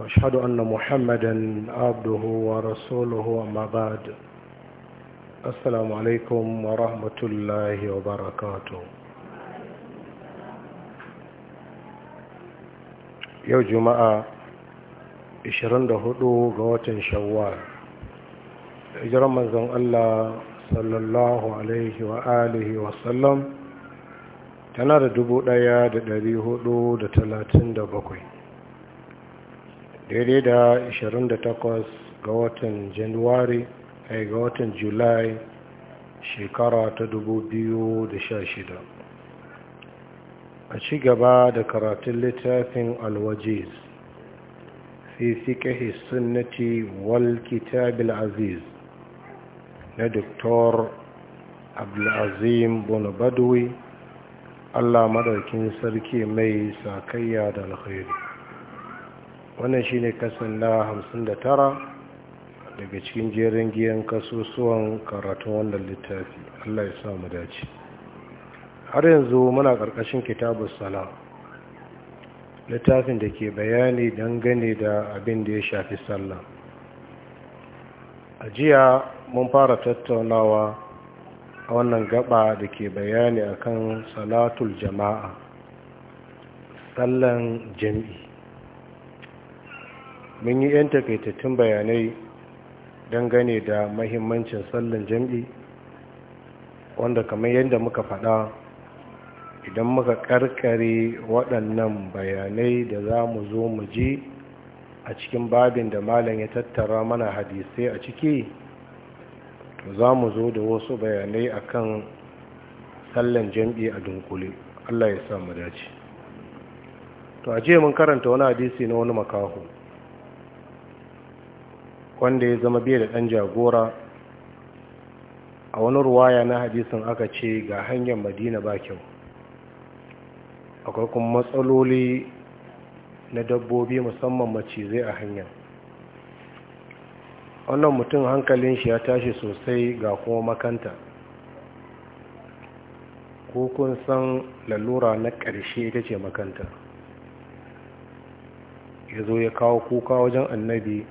واشهد ان محمدا عبده ورسوله اما بعد السلام عليكم ورحمه الله وبركاته yau juma'a 24 ga watan shawwal hijiran manzon Allah sallallahu alaihi wa alihi wa sallam tana da 1437 daidai da 28 ga watan januwari a eh, ga watan julai shekara ta 2016 a ci gaba da karatun littafin alwajiz fi fiƙe sunnati wal kitabil aziz na doktor abdulazim bonabadui allah madaukin sarki mai sakayya da alkhairu wannan shi ne kasan na hamsin da tara daga cikin jerin giyan kasusuwan karatun wannan littafi allah ya samu dace har yanzu muna ƙarƙashin kitabun Sala. littafin da ke bayani dangane da abin da ya shafi sallah a jiya mun fara tattaunawa a wannan gaba da ke bayani akan salatul jama'a sallan jami'i mun yi 'yan takaitattun bayanai dangane da mahimmancin sallan jam'i wanda kamar yadda muka faɗa idan muka karkare waɗannan bayanai da za mu zo mu ji a cikin babin da malam ya tattara mana hadisai a ciki to za mu zo da wasu bayanai akan sallan jam'i a dunkule Allah ya sa mu dace to a jiya mun karanta wani hadisi na wani makaho wanda ya zama biya da ɗan jagora a wani ruwaya na hadisin aka ce ga hanyar madina ba kyau akwai kuma matsaloli na dabbobi musamman macizai a hanyar wannan mutum hankalin shi ya tashi sosai ga kuma makanta ko kun san lalura na ƙarshe ita ce makanta ya zo ya kawo kuka wajen annabi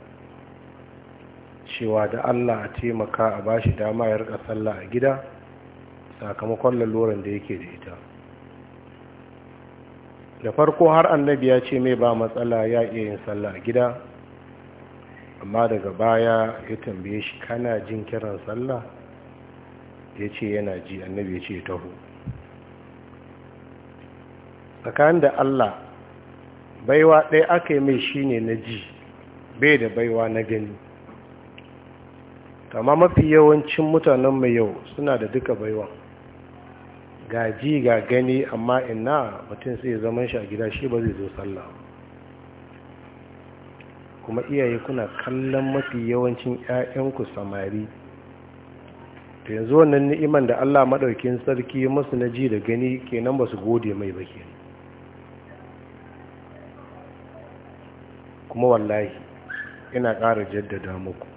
cewa da allah a taimaka a bashi dama ya rika sallah a gida sakamakon laloran da yake da ita da farko har annabi ya ce mai ba matsala ya iya yin sallah a gida amma daga baya ya tambaye shi kana jin kiran sallah ya ce yana ji annabi ya ce taho tsakanin da allah baiwa ɗaya aka yi mai shine na ji bai da baiwa na gani amma mafi yawancin mutanen mai yau suna da duka baiwa gaji ga gani amma ina mutum sai zaman shi a gida shi ba zai zo sallah kuma iyaye kuna kallon mafi yawancin 'ya'yanku samari da yanzu wannan ni'iman da Allah maɗaukin sarki masu na ji da gani kenan ba su gode mai ba kuma wallahi ina ƙara jaddada muku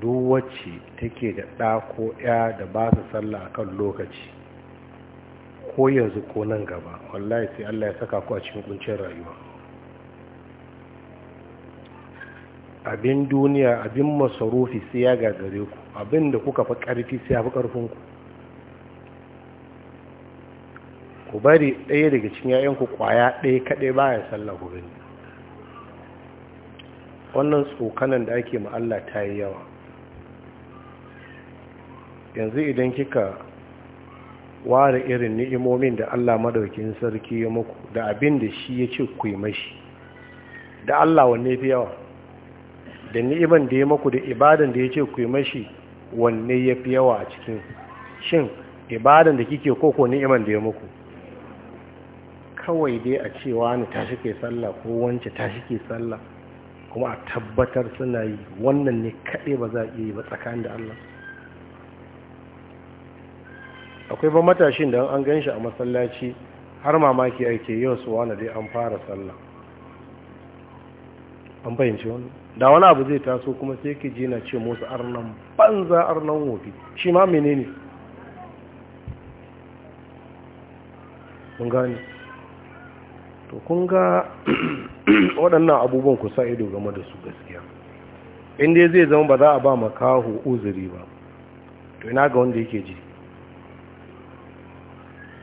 duk wacce take da ɗa ko ya da ba su sallah a kan lokaci ko yanzu ko nan gaba wallahi sai allah ya saka ku a cikin kuncin rayuwa abin duniya abin masarufi sai ya gagare ku abin da kuka fi ƙarfi sai ya fi ƙarfinku ku bari ɗaya daga cikin ‘ya'yanku ƙwaya ɗaya kaɗai bayan sallah ku gani wannan tsokanan da ake ma Allah ta yi yawa yanzu idan kika ware irin ni'imomin da Allah madaukin sarki ya muku da abin da shi ya ce ku yi mashi da Allah wanne fi yawa da ni'iman da ya muku da ibadan da ya ce ku yi mashi wanne ya fi yawa a cikin shin ibadan da kike koko ni'iman da ya muku kawai dai a cewa ni shi ke sallah ko wance shi ke sallah kuma a tabbatar suna yi wannan ne kaɗai ba za a iya yi ba tsakanin da Allah akwai ba matashin da an gan shi a masallaci har mamaki ake yau su wani dai an fara sallah an fahimci wani da wani abu zai taso kuma sai ke jina ce musu arnan banza arnan wofi shi ma mene ne gani to kun ga waɗannan abubuwan ku sa ido game da su gaskiya inda zai zama ba za a ba makaho uzuri ba to ina ga wanda yake ji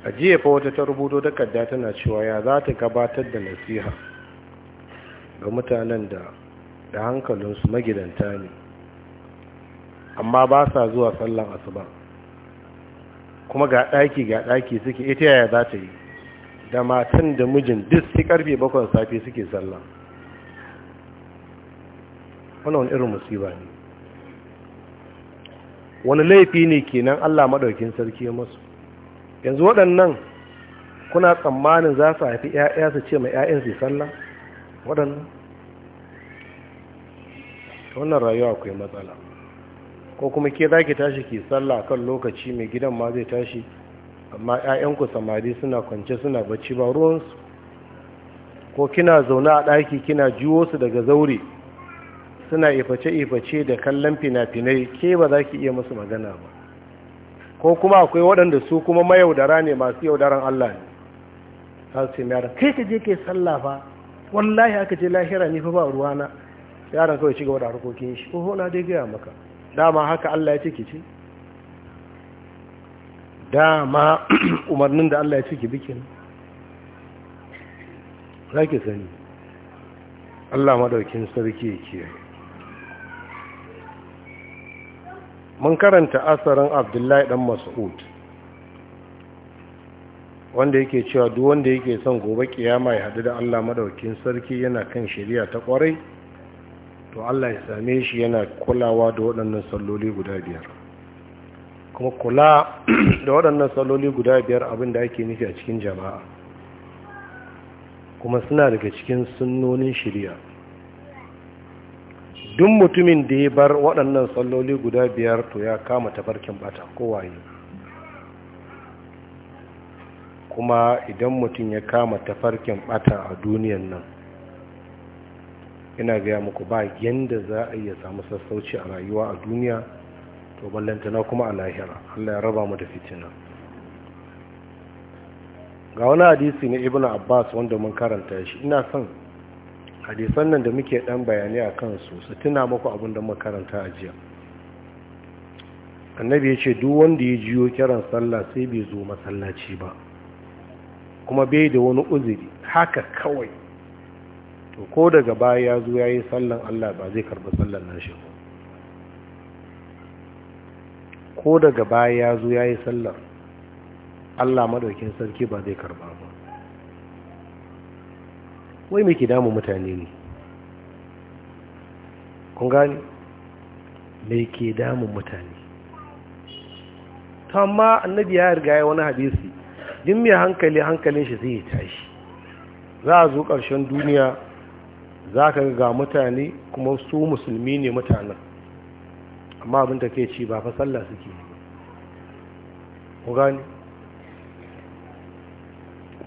a jiya fa wata ta rubuto takarda tana cewa ya za ta gabatar da nasiha ga mutanen da da hankalinsu magidanta ne amma ba sa zuwa sallan asuba kuma ga daki ga daki suke ita yaya za ta yi da matan da mijin duk su karfe bakon safe suke sallah wani irin musiba ne wani laifi ne kenan Allah maɗaukin sarki masu yanzu waɗannan kuna tsammanin za su haifi 'ya'ya su ce mai 'ya'yan su sallah waɗannan wannan rayuwa akwai matsala ko kuma ke za ki tashi ki sallah kan lokaci mai gidan ma zai tashi amma 'ya'yanku samari suna kwance suna bacci ba ruwansu ko kina zaune a ɗaki kina juwo su daga zaure suna iface-iface da kallon fina-finai ke ba za ki iya musu magana ba ko kuma akwai waɗanda su kuma mayaudara ne masu yaudaran Allah ne za su yaran kai ka je kai sallah fa wallahi aka je lahira ne fa ba ruwana yaran kawai shiga wadda harkokin shi oho na dai gaya maka dama haka Allah ya ce ki ce dama umarnin da Allah ya ce ki bikin za ki sani Allah madaukin sarki ya kiyaye mun karanta asarin abdullahi dan mas'ud wanda yake cewa duk wanda yake son gobe kiyama ya hadu da Allah maɗaukin sarki yana kan shirya ta kwarai to Allah ya same shi yana kulawa da waɗannan salloli guda biyar kuma kula da waɗannan salloli guda biyar abin da ake nufi a cikin jama'a kuma suna daga cikin sunnonin shirya. Dun mutumin da ya bar waɗannan salloli guda biyar to ya kama tafarkin bata kowaye kuma idan mutum ya kama tafarkin bata a duniyan nan ina gaya muku ba yadda za a iya samu sassauci a rayuwa a duniya to ballantana kuma a lahira allah ya raba mu da fitina ga wani hadisi na ibn abbas wanda mun karanta shi ina son hadisan nan da muke dan bayani a kansu su tuna muku abin da makaranta a jiya annabi ya ce duk wanda ya jiyo kiran sallah sai bai zo masallaci ba kuma bai da wani uzuri haka kawai to ko daga baya ya zo ya yi sallan allah ba zai karba sallan nan shi ko daga baya ya zo ya yi sallan allah madaukin sarki ba zai karba ba wai me ke damu mutane ne kun gani me ke damu mutane ta amma annabi ya riga ya wani hadisi din mai hankali hankalin shi zai tashi za a zo ƙarshen duniya za ka ga mutane kuma su musulmi ne mutanen amma abin da ke ci ba fa sallah suke yi ku gani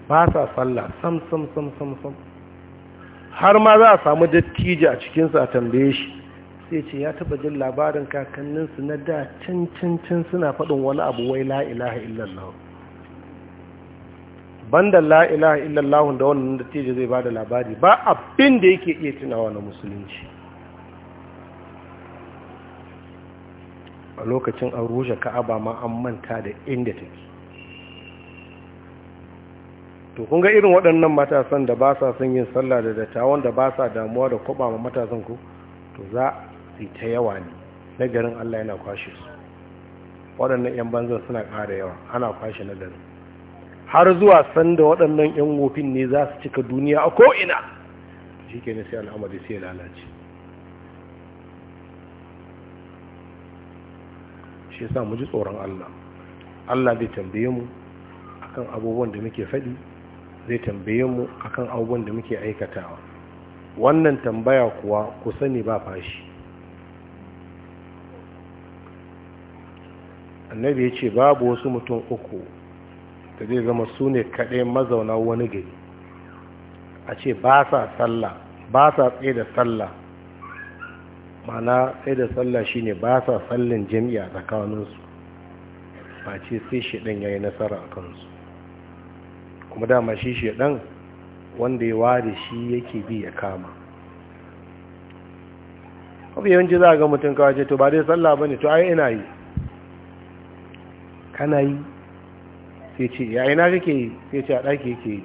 ba sa sallah sam sam sam sam sam har ma za a samu dattijo a cikinsu a tambaye shi sai ce ya taba jin labarin kakanninsu na da can can can suna faɗin wani abu wai la illallah banda la ilaha illallah da wannan dattijo zai ba da labari ba abin da yake iya tunawa na musulunci a lokacin an rushe ka'aba ma an manta da inda take to kun ga irin waɗannan matasan da ba sa son yin sallah da dattawan da ba sa damuwa da kwaba ma matasan ku to za su ta yawa ne na garin Allah yana kwashe su waɗannan 'yan banzan suna ƙara yawa ana kwashe na garin har zuwa sanda waɗannan 'yan wofin ne za su cika duniya a ko'ina shi ke sai al'amari sai lalace shi sa mu ji tsoron Allah Allah zai tambaye mu akan abubuwan da muke faɗi zai tambaye mu akan abubuwan da muke aikatawa wannan tambaya kuwa ku sani ba fashi annabi ya ce babu wasu mutum uku da zai zama su ne kaɗai mazauna wani gari a ce ba sa sallah ba sa tsaye da sallah mana tsaye da sallah shine ba sa sallin jami'a tsakaninsu ba ce sai shiɗin ya yi nasara a kansu kuma dama shi ɗan wanda ya ware shi yake bi ya kama abu yawanci za a ga mutum kawai ce to ba dai sallah ba ne to ai ina yi kana yi sai ce ya ina kake yi sai ce a ɗaki yake yi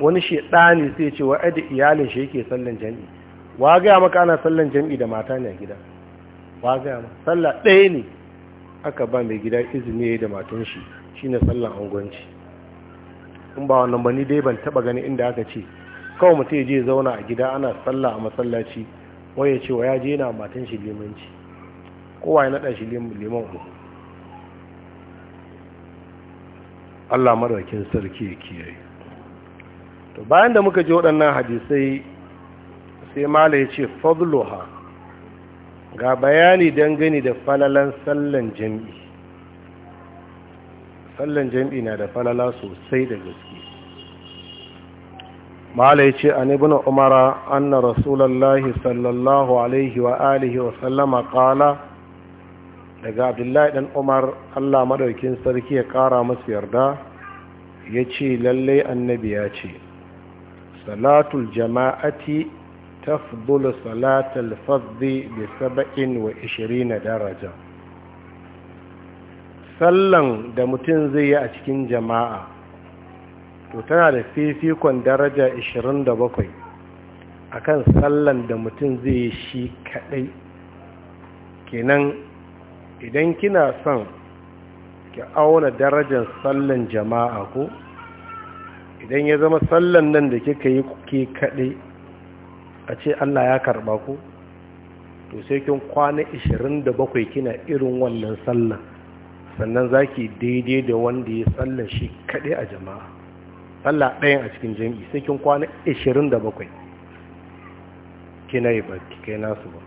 wani shaɗani sai ce wa da iyalin shi yake sallan jami'i wa gaya maka ana sallan jami'i da mata ne a gida wa gaya maka tsalla ɗaya ne aka ba mai gida izini da matan shi ne sallan angonci in ba wannan ba ni dai ban taba gani inda aka ce kawai mutum ya je zauna a gida ana sallah a masallaci wai ya ya je yana matan shi limanci kowa ya naɗa shi liman uku Allah maraukin sarki ya kiyaye to bayan da muka ji waɗannan hadisai sai mala ya ce fadluha ga bayani dangane da falalan sallan jami'i sallan jam'i na da falala sosai da gaske malai ya ce an ibn umara anna rasulallahi sallallahu alaihi wa alihi wa sallama kala daga abdullahi dan umar allah madaukin sarki ya kara masu yarda ya ce lallai annabi ya ce salatul jama'ati tafdulu salatul faddi bi saba'in wa ishirina daraja sallan da mutum zai yi a cikin jama'a to tana da fifikon daraja 27 akan sallan da mutum zai yi shi kadai kenan idan kina son ki auna darajar sallan jama'a ko idan ya zama sallan nan da kika yi ke kadai a ce Allah ya karba ku to sai kin kwana 27 kina irin wannan sallan sannan za ki daidai da wanda ya tsalla shi kaɗai a jama'a tsalla ɗayan a cikin jami'i sai kin kwana 27 kina yi baki kai nasu ba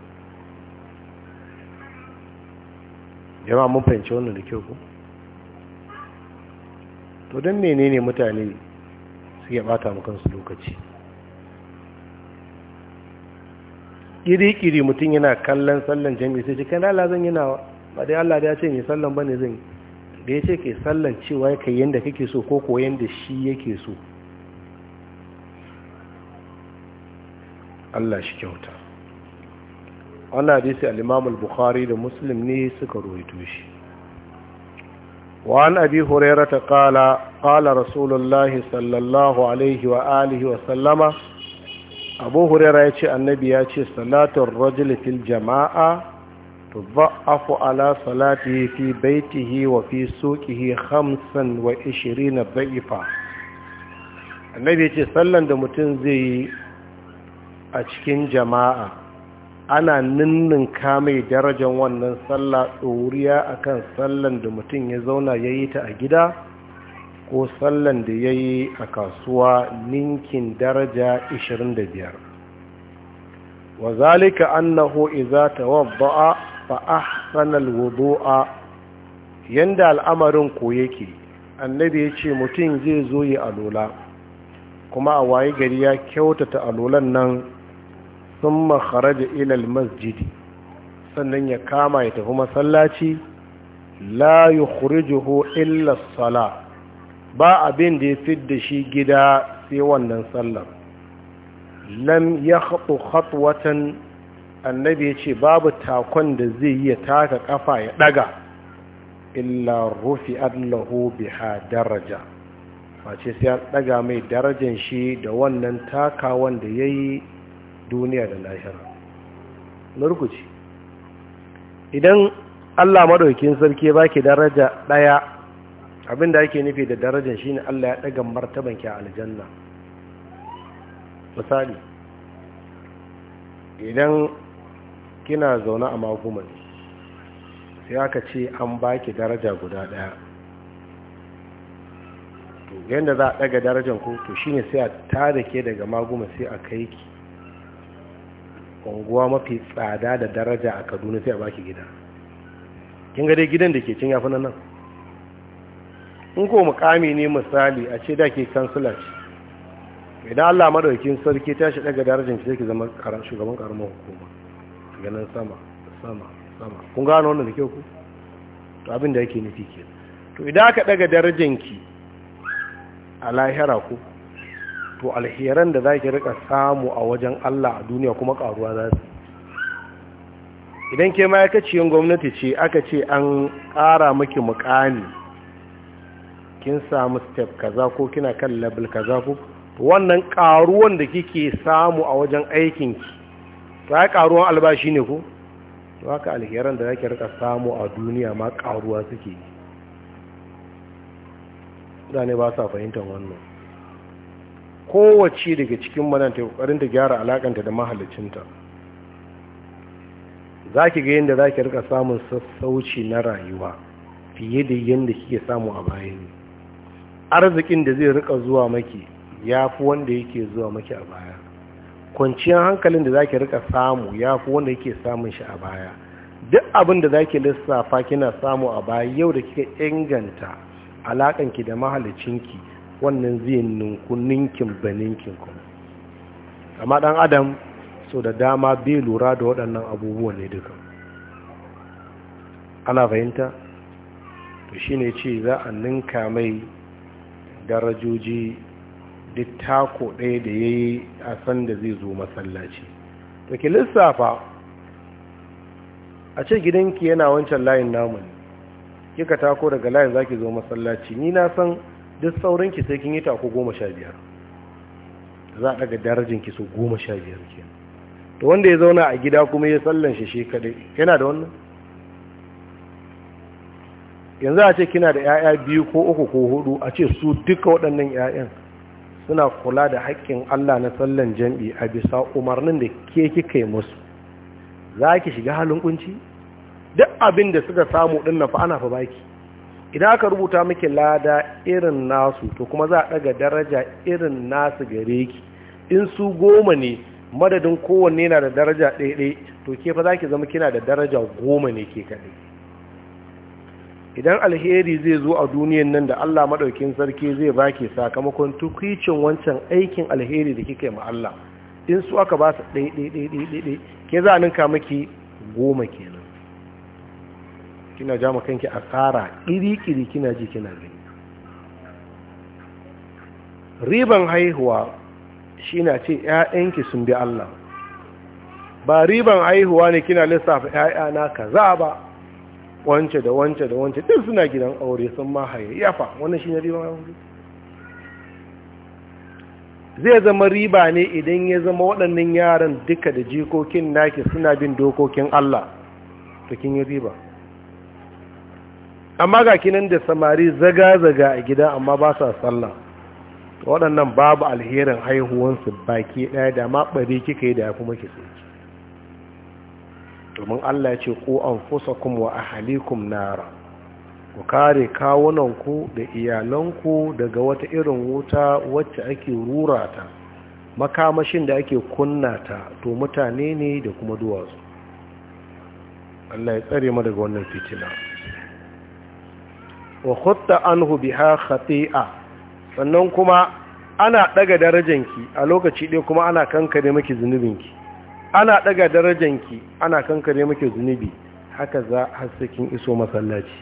jama'a mun fahimci wannan da kyau ku to don menene mutane suke bata kansu lokaci Ƙiri ƙiri mutum yana kallon sallan jami'i sai zan yi yana ba dai Allah ya ce mai sallan bane zan da ya ce ke sallan cewa ya kai yanda kake so ko ko yanda shi yake so Allah shi kyauta wannan hadisi al-Imam al-Bukhari da Muslim ne suka rawaito shi وعن أبي هريرة قال قال رسول الله صلى الله عليه وآله وسلم أبو هريرة يتشي النبي يتشي صلاة الرجل في الجماعة تضعف على صلاته في بيته وفي سوقه خمسا وعشرين ضعفا النبي يقول صلى da mutum zai yi a cikin jama'a ana ninninka mai darajar wannan sallah ɗoriya akan sallar da mutum ya zauna ya yi ta a gida ko sallar da ya yi a kasuwa ninkin daraja 25 biyar. Wazalika annahu iza tawadda'a fa ahsanal wudu'a yanda al'amarin ko yake annabi ya ce mutum zai zo yi alola kuma a waye gari ya kyautata alolan nan sun kharaja ilal masjidi sannan ya kama ya tafi masallaci la yukhrijuhu illa sala ba abin da ya fidda shi gida sai wannan sallar lam ya haɗu haɗuwatan annabi ya ce babu takon da zai yi ya taka kafa ya daga illa rufi allahu biha daraja face sai ya daga mai darajan shi da wannan takawan da ya yi duniya da lahira narkuci idan allah maɗaukin sarki ba ki daraja ɗaya abinda ake nufi da darajan shine allah ya ɗaga martabanki a aljanna misali idan kina zaune a maguma sai aka ce an baki daraja guda daya to yadda za a daga darajan ku to shine sai a tada ke daga maguma sai a kai ki unguwa mafi tsada da daraja a kaduna sai a baki gida kin ga dai gidan da ke cin yafi nan in ko mukami ne misali a ce da ke kansula ce idan allah madaukin sarki ta shi daga darajan ki sai ki zama shugaban karamar hukuma ganin sama sama sama kun gano wannan da kyau ku to abin da yake nufi ke to idan aka daga darajanki a lahira ku to alheran da zaki rika samu a wajen Allah a duniya kuma karuwa za su idan ke ma'aikaciyar gwamnati ce aka ce an ƙara maki mukami kin samu step kaza ko kina kan level kaza ko wannan karuwan da kike samu a wajen aikinki ba karuwan albashi ne ku? to haka alheran da zaki rika samu a duniya ma karuwa suke zane ba sa fahimtar wannan kowace daga cikin manan ta kokarin ta gyara alakanta da Za zaki ga yadda ki rika samun sassauci na rayuwa fiye da yadda kike samu a baya arzikin da zai rika zuwa maki ya fi wanda yake zuwa maki a baya kwanciyar hankalin da zaki rika samu ya fi wanda yake samun shi a baya duk abin da zaki lissafa kina samu a baya yau da kika inganta alakanki da mahalicinki wannan zai ninku ninkin ba ninkin kuma amma dan adam so da dama bai lura da waɗannan abubuwan ne duka ana fahimta to shine ce za a ninka mai darajoji duk tako ɗaya da ya yi a sanda zai zo masallaci Da ke lissafa a ce gidanki yana wancan layin namu kika tako daga layin za ki zo masallaci ni na san duk saurinki sai kin yi tako goma sha biyar za a daga darajinki su goma sha biyar ke da wanda ya zauna a gida kuma ya sallan shi shi kaɗai yana da wannan yanzu a ce kina da 'ya'ya biyu ko uku ko hudu a ce su duka waɗannan 'ya'yan suna kula da haƙƙin Allah na sallan jam'i a bisa umarnin da ke kika yi musu za ki shiga halin kunci duk abin da suka samu ɗin na fa ana fa baki idan aka rubuta miki lada irin nasu to kuma za a ɗaga daraja irin nasu gare ki in su goma ne madadin kowanne na da daraja ɗaiɗai to kefa fa za ki zama kina da daraja goma ne ke kaɗai idan alheri zai zo a duniyan nan da Allah madaukin sarki zai baki sakamakon tukicin wancan aikin alheri da kike ma Allah in su aka ba su ɗai ɗai ɗai ɗai ɗai ke za ninka maki goma kenan kina ja kanki a tsara ƙiri-ƙiri kina ji kina gani riban haihuwa shi na ce ‘ya'yanki sun bi Allah ba riban haihuwa ne kina lissafa ‘ya'yana kaza ba wance da wance da wance duk suna gidan aure sun ma yafa wannan shi ne riba aure zai zama riba ne idan ya zama waɗannan yaran duka da jikokin naki suna bin dokokin Allah to kin yi riba amma ga kinan da samari zaga-zaga a gida amma ba sa sallah waɗannan babu alherin haihuwansu baki ɗaya da ma ɓari kika yi da ya kuma ki domin Allah ya ce ku kuma wa ahalikum nara ku kare kawunanku da iyalanku daga wata irin wuta wacce ake rura ta makamashin da ake kunna ta to mutane ne da kuma duwatsu Allah ya tsare mu daga wannan fitina wa khutta anhu biha khati'a sannan kuma ana daga darajanki a lokaci ɗaya kuma ana kankare miki zunubinki ana daga darajanki ana kankare muke zunubi haka za har iso masallaci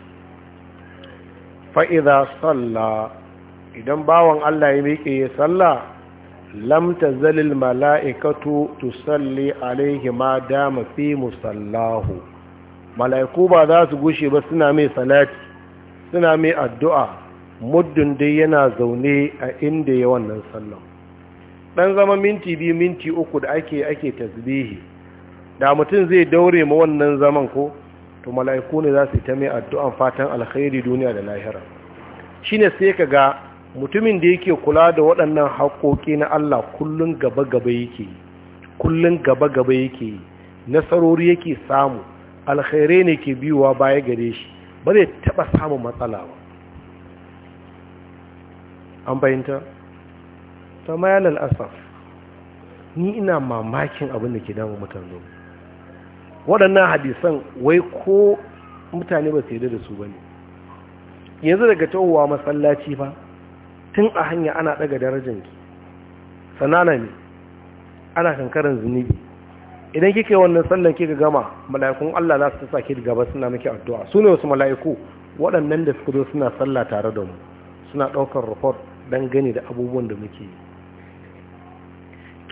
fa'iza salla idan bawan Allah ya miƙe ya salla lam tazalil mala'ikatu tusalli alaihi ma dama fi musallahu mala'iku ba za su gushe ba suna mai salati suna mai addu'a muddin dai yana zaune a inda ya wannan sallan dan zama minti biyu minti uku da ake ake tasbihi da mutum zai daure ma wannan zaman ko to mala'iku ne za su ta mai addu'an fatan alkhairi duniya da lahira shine sai ka ga mutumin da yake kula da waɗannan haƙoƙi na Allah kullun gaba gaba yake kullun gaba gaba yake nasarori yake samu alkhairai ne ke biyuwa baya gare shi ba zai taɓa samun matsala ba an fahimta ta mayalar asaf ni ina mamakin abin da ke damun mutane waɗannan hadisan wai ko mutane ba su yarda da su ba ne yanzu daga tawowa masallaci ba tun a hanya ana ɗaga darajanki sanana ne ana kankarin zunubi idan kika yi wannan sallan kika gama mala'ikun Allah za su sake da gaba suna miki addu'a su ne wasu mala'iku waɗannan da suka zo suna sallah tare da mu suna ɗaukar report don gani da abubuwan da muke yi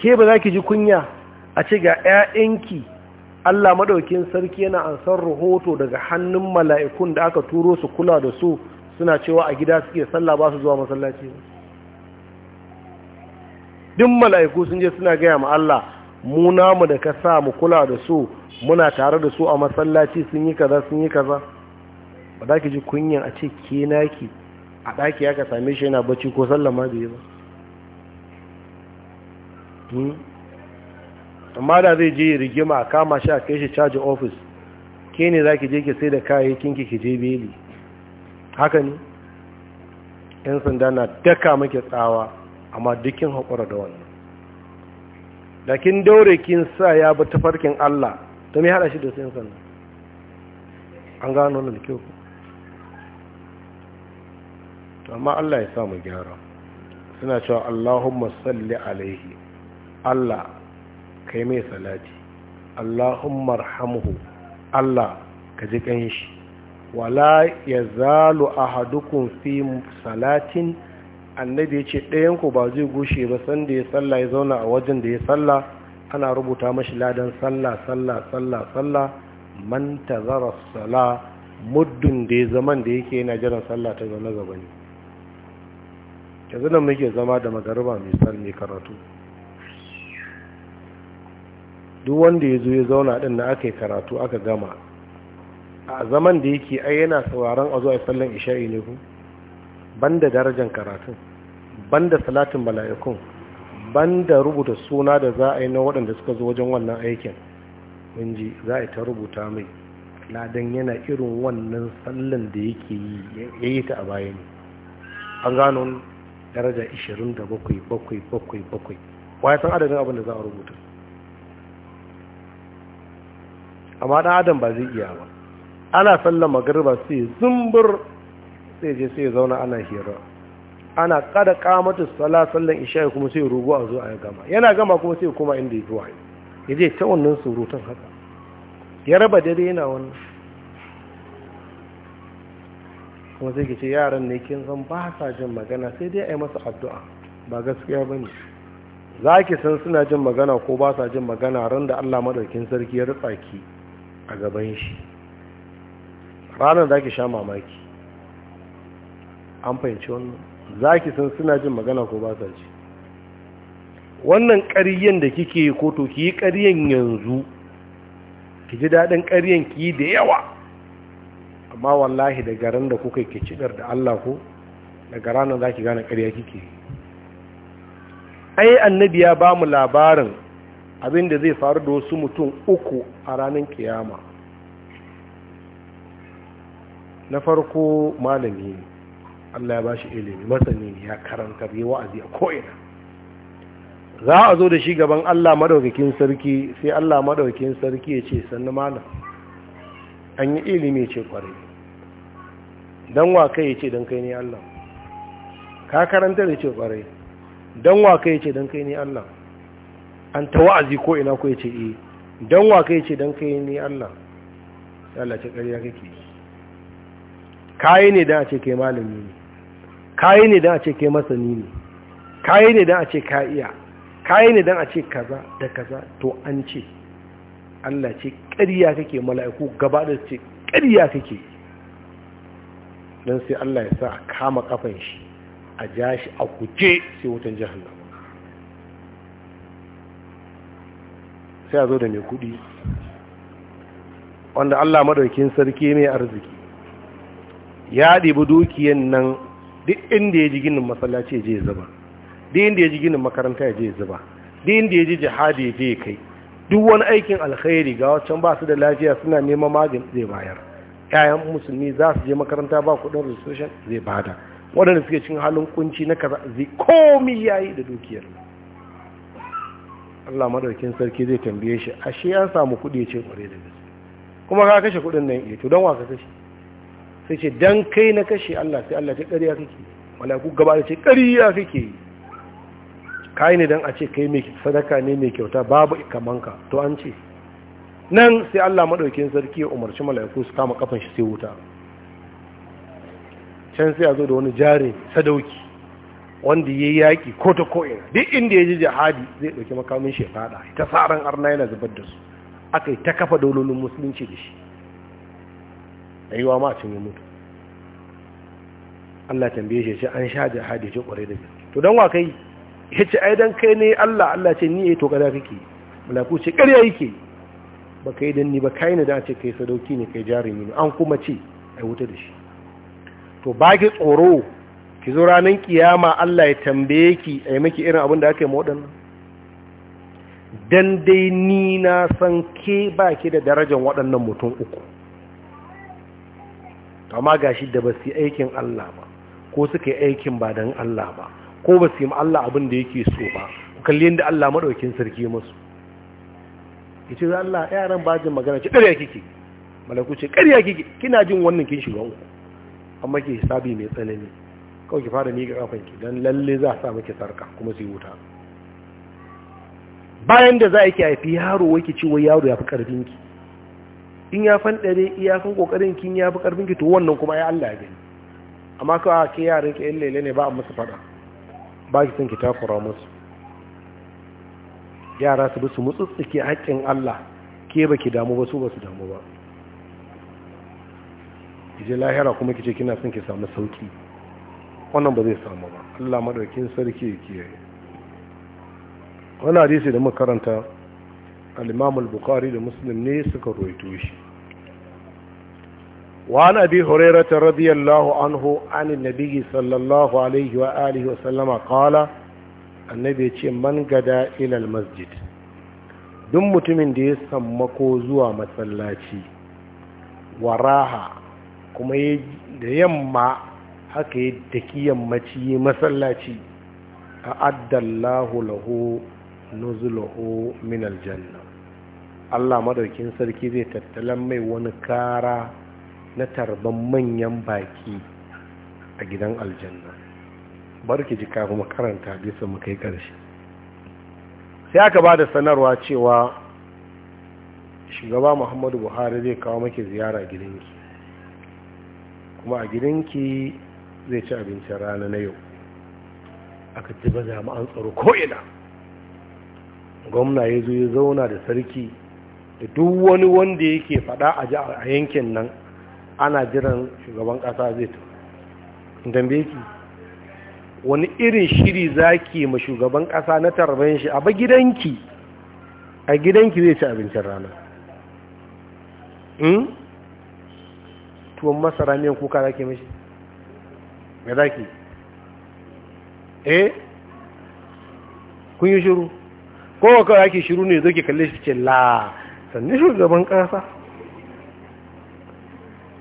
ke ba za ki ji kunya a ce ga 'ya'yanki Allah maɗaukin sarki yana ansar rahoto daga hannun mala'ikun da aka turo su kula da su suna cewa a gida suke sallah ba su zuwa masallaci duk mala'iku sun je suna gaya ma Allah mu da ka sa mu kula da su muna tare da su a masallaci sun yi kaza sun yi kaza ba za ki ji kunyan a ce ke a ɗaki aka same shi yana bacci ko sallama da yi ba Hmm? amma da zai je rigima kama shi a kai shi charge office ke ne za ki je ki sai da kayayyakin ki je beli haka ne yan sanda na daka muke tsawa amma dukkin haƙura da wannan lakin daure kin sa ya bi tafarkin Allah to me hada shi da sun sanda an gano wannan kyau ku amma Allah ya samu gyara suna cewa Allahumma salli alaihi Allah kai mai salati Allahumma rahamhu Allah ka ji shi, wala ya zalu ahadukum fi salatin annabi ya ce ku ba zai gushe ba sanda ya salla ya zauna a wajen da ya salla ana rubuta mashi ladan salla salla salla salla man tazara sala muddin da ya zaman da yake yana jiran salla ta zama gaba ne yanzu nan muke zama da magariba mai sal mai karatu duk wanda ya zo ya zauna din na aka yi karatu aka gama a zaman da yake ai yana sauraron a zuwa sallan isha'i ne ku banda darajar karatun banda salatin mala'ikun banda rubuta suna da za a yi na waɗanda suka zo wajen wannan aikin mun ji za a yi ta rubuta mai ladan yana irin wannan sallan da yake yi ya yi ta a baya ne an gano daraja 27 bakwai bakwai bakwai ya san adadin abin da za a rubuta amma ɗan adam ba zai iya ba ana sallan magariba sai zumbur sai je sai zauna ana hira ana kada kamata sala sallan isha kuma sai rubu a zo a gama yana gama kuma sai kuma inda ya zuwa ya je ta wannan surutan haka ya raba dare yana wannan kuma sai ke ce yaran ne kin san ba sa jin magana sai dai a yi masa addu'a ba gaskiya ba ne za ki san suna jin magana ko ba sa jin magana ran da allah madaukin sarki ya rutsa ki a gaban shi ranar za ki sha mamaki an fahimci wannan za ki san suna jin magana ko ba ji wannan ƙaryen da kike yi ko to ki yi ƙaryen yanzu ki ji daɗin ƙaryen ki yi da yawa amma wallahi da garin da kuka ke cidar da Allah ko daga ranar za ki gane ƙarya kike ai annabi ya ba mu labarin Abinda zai faru da wasu mutum uku a ranar kiyama na farko malami ne allah ya ba shi ilimi masani ne ya karanta yi wa'azi a ko'ina za a zo da shi gaban allah madaukakin sarki sai allah madaukakin sarki ya ce sannu malam an yi ilimi ce kwarai don wa kai ya ce don kai ne allah ka karanta da ce kwarai don wa kai ya ce don kai ne allah an ta wa'azi ko ina ko yace e dan wa kai ce don kai ni Allah Ya Allah ce ƙarya kake kayi ne don a ce kai malami ne kayi ne don a ce kai masani ne kayi ne don a ce ka iya kai ne don a ce kaza da kaza to an ce Allah ce ƙarya kake mala'iku gaba da ce ƙarya kake don sai Allah ya sa a kama ƙafanshi shi a ja shi a kuce sai wutan jihannan sai a zo da mai kuɗi wanda Allah madaukin sarki mai arziki ya ɗibi dukiyan nan duk inda ya ji ginin masallaci ya je ya zuba duk inda ya ji ginin makaranta ya je ya zuba duk inda ya ji jihadi ya je ya kai duk wani aikin alkhairi ga waccan ba su da lafiya suna neman magani zai bayar ƴaƴan musulmi za su je makaranta ba kuɗin registration zai bada waɗanda suke cin halin kunci na kaza zai komi yayi da dukiyar nan Allah madaukin sarki zai tambaye shi ashe an samu kuɗi ce kware da gaske kuma ka kashe kuɗin nan eh to don wa ka kashe sai ce dan kai na kashe Allah sai Allah ce ƙarya kake malaku gaba da ce ƙarya kake kai ne dan a ce kai mai sadaka ne mai kyauta babu kaman ka to an ce nan sai Allah madaukin sarki ya umarci malaku su kama kafan shi sai wuta can sai a zo da wani jari sadauki wanda ya yi yaƙi ko ta ko'ina duk inda ya ji jihadi zai ɗauki makamin shi fada ta tsarin arna yana zubar da su aka yi ta kafa dololin musulunci da shi a yi wa ma cin mutu Allah tambaye shi ce an sha jihadi ce ƙwarai da gaske to don wa kai ya ce ai don kai ne Allah Allah ce ni eh, ya yi to kada kake malaku ce ƙarya yake ba kai don ni ba kai ne da ce kai sadauki ne kai jarumi ne an kuma ce ai wuta da shi to ba ki tsoro ki zo ranar kiyama Allah ya tambaye ki a yi maki irin abin da aka yi waɗannan dan dai ni na san ke ba ke da darajar waɗannan mutum uku amma ga shi da ba su yi aikin Allah ba ko suka yi aikin ba don Allah ba ko ba su yi Allah abin da yake so ba kalli yadda Allah maɗaukin sarki masu ya ce Allah yaran jin magana ce ƙarya kike malaku ce ƙarya kike kina jin wannan kin shiga uku amma ke hisabi mai tsanani kawai ki fara miƙa kafanki don lalle za a sa ki sarka kuma su yi wuta bayan da za a ki haifi yaro wai ki ci, wai yaro ya fi ƙarfinki in ya fan ɗare iyakan ƙoƙarin kin ya fi ƙarfinki to wannan kuma ya Allah ya gani amma kawai ke yaran ka yan lele ne ba a musu faɗa ba ki san ki takura musu yara su bi su mutsutsuke haƙƙin Allah ke ba ki damu ba su ba su damu ba ki je lahira kuma ki ce kina son ki samu sauki wannan ba zai samu ba Allah madaukin sarki ya kiyaye wannan hadisi da muka karanta al-Imam al-Bukhari da Muslim ne suka roito shi وعن hurairata radiyallahu anhu الله annabi sallallahu alaihi wa alihi wa sallama وسلم annabi ya ce man gada ilal masjid duk mutumin da ya sammako zuwa masallaci waraha kuma da yamma aka yi da kiyammaci masallaci a addallahu lahu nuzulahu min aljanna Allah madaukin sarki zai tattalan mai wani kara na tarban manyan baki a gidan aljanna barki ji ka kuma karanta bisa mu kai karshe sai aka ba da sanarwa cewa shugaba Muhammadu Buhari zai kawo maki ziyara gidanki kuma a gidanki zai ci abincin rana na yau ka ci ba zama an tsaro ko'ina gwamna ya zo ya zauna da sarki da duk wani wanda yake fada a yankin nan ana jiran shugaban kasa zai ta tambaye ki wani irin shiri za ki ma shugaban kasa na tarbayin shi a ba gidanki a gidanki zai ci abincin rana hmm? tuwon masara miyan kuka da ke mashi me za ki eh kun yi shiru kowa kawai ake shiru ne zo ke kalle shi ce la sannu shugaban ƙasa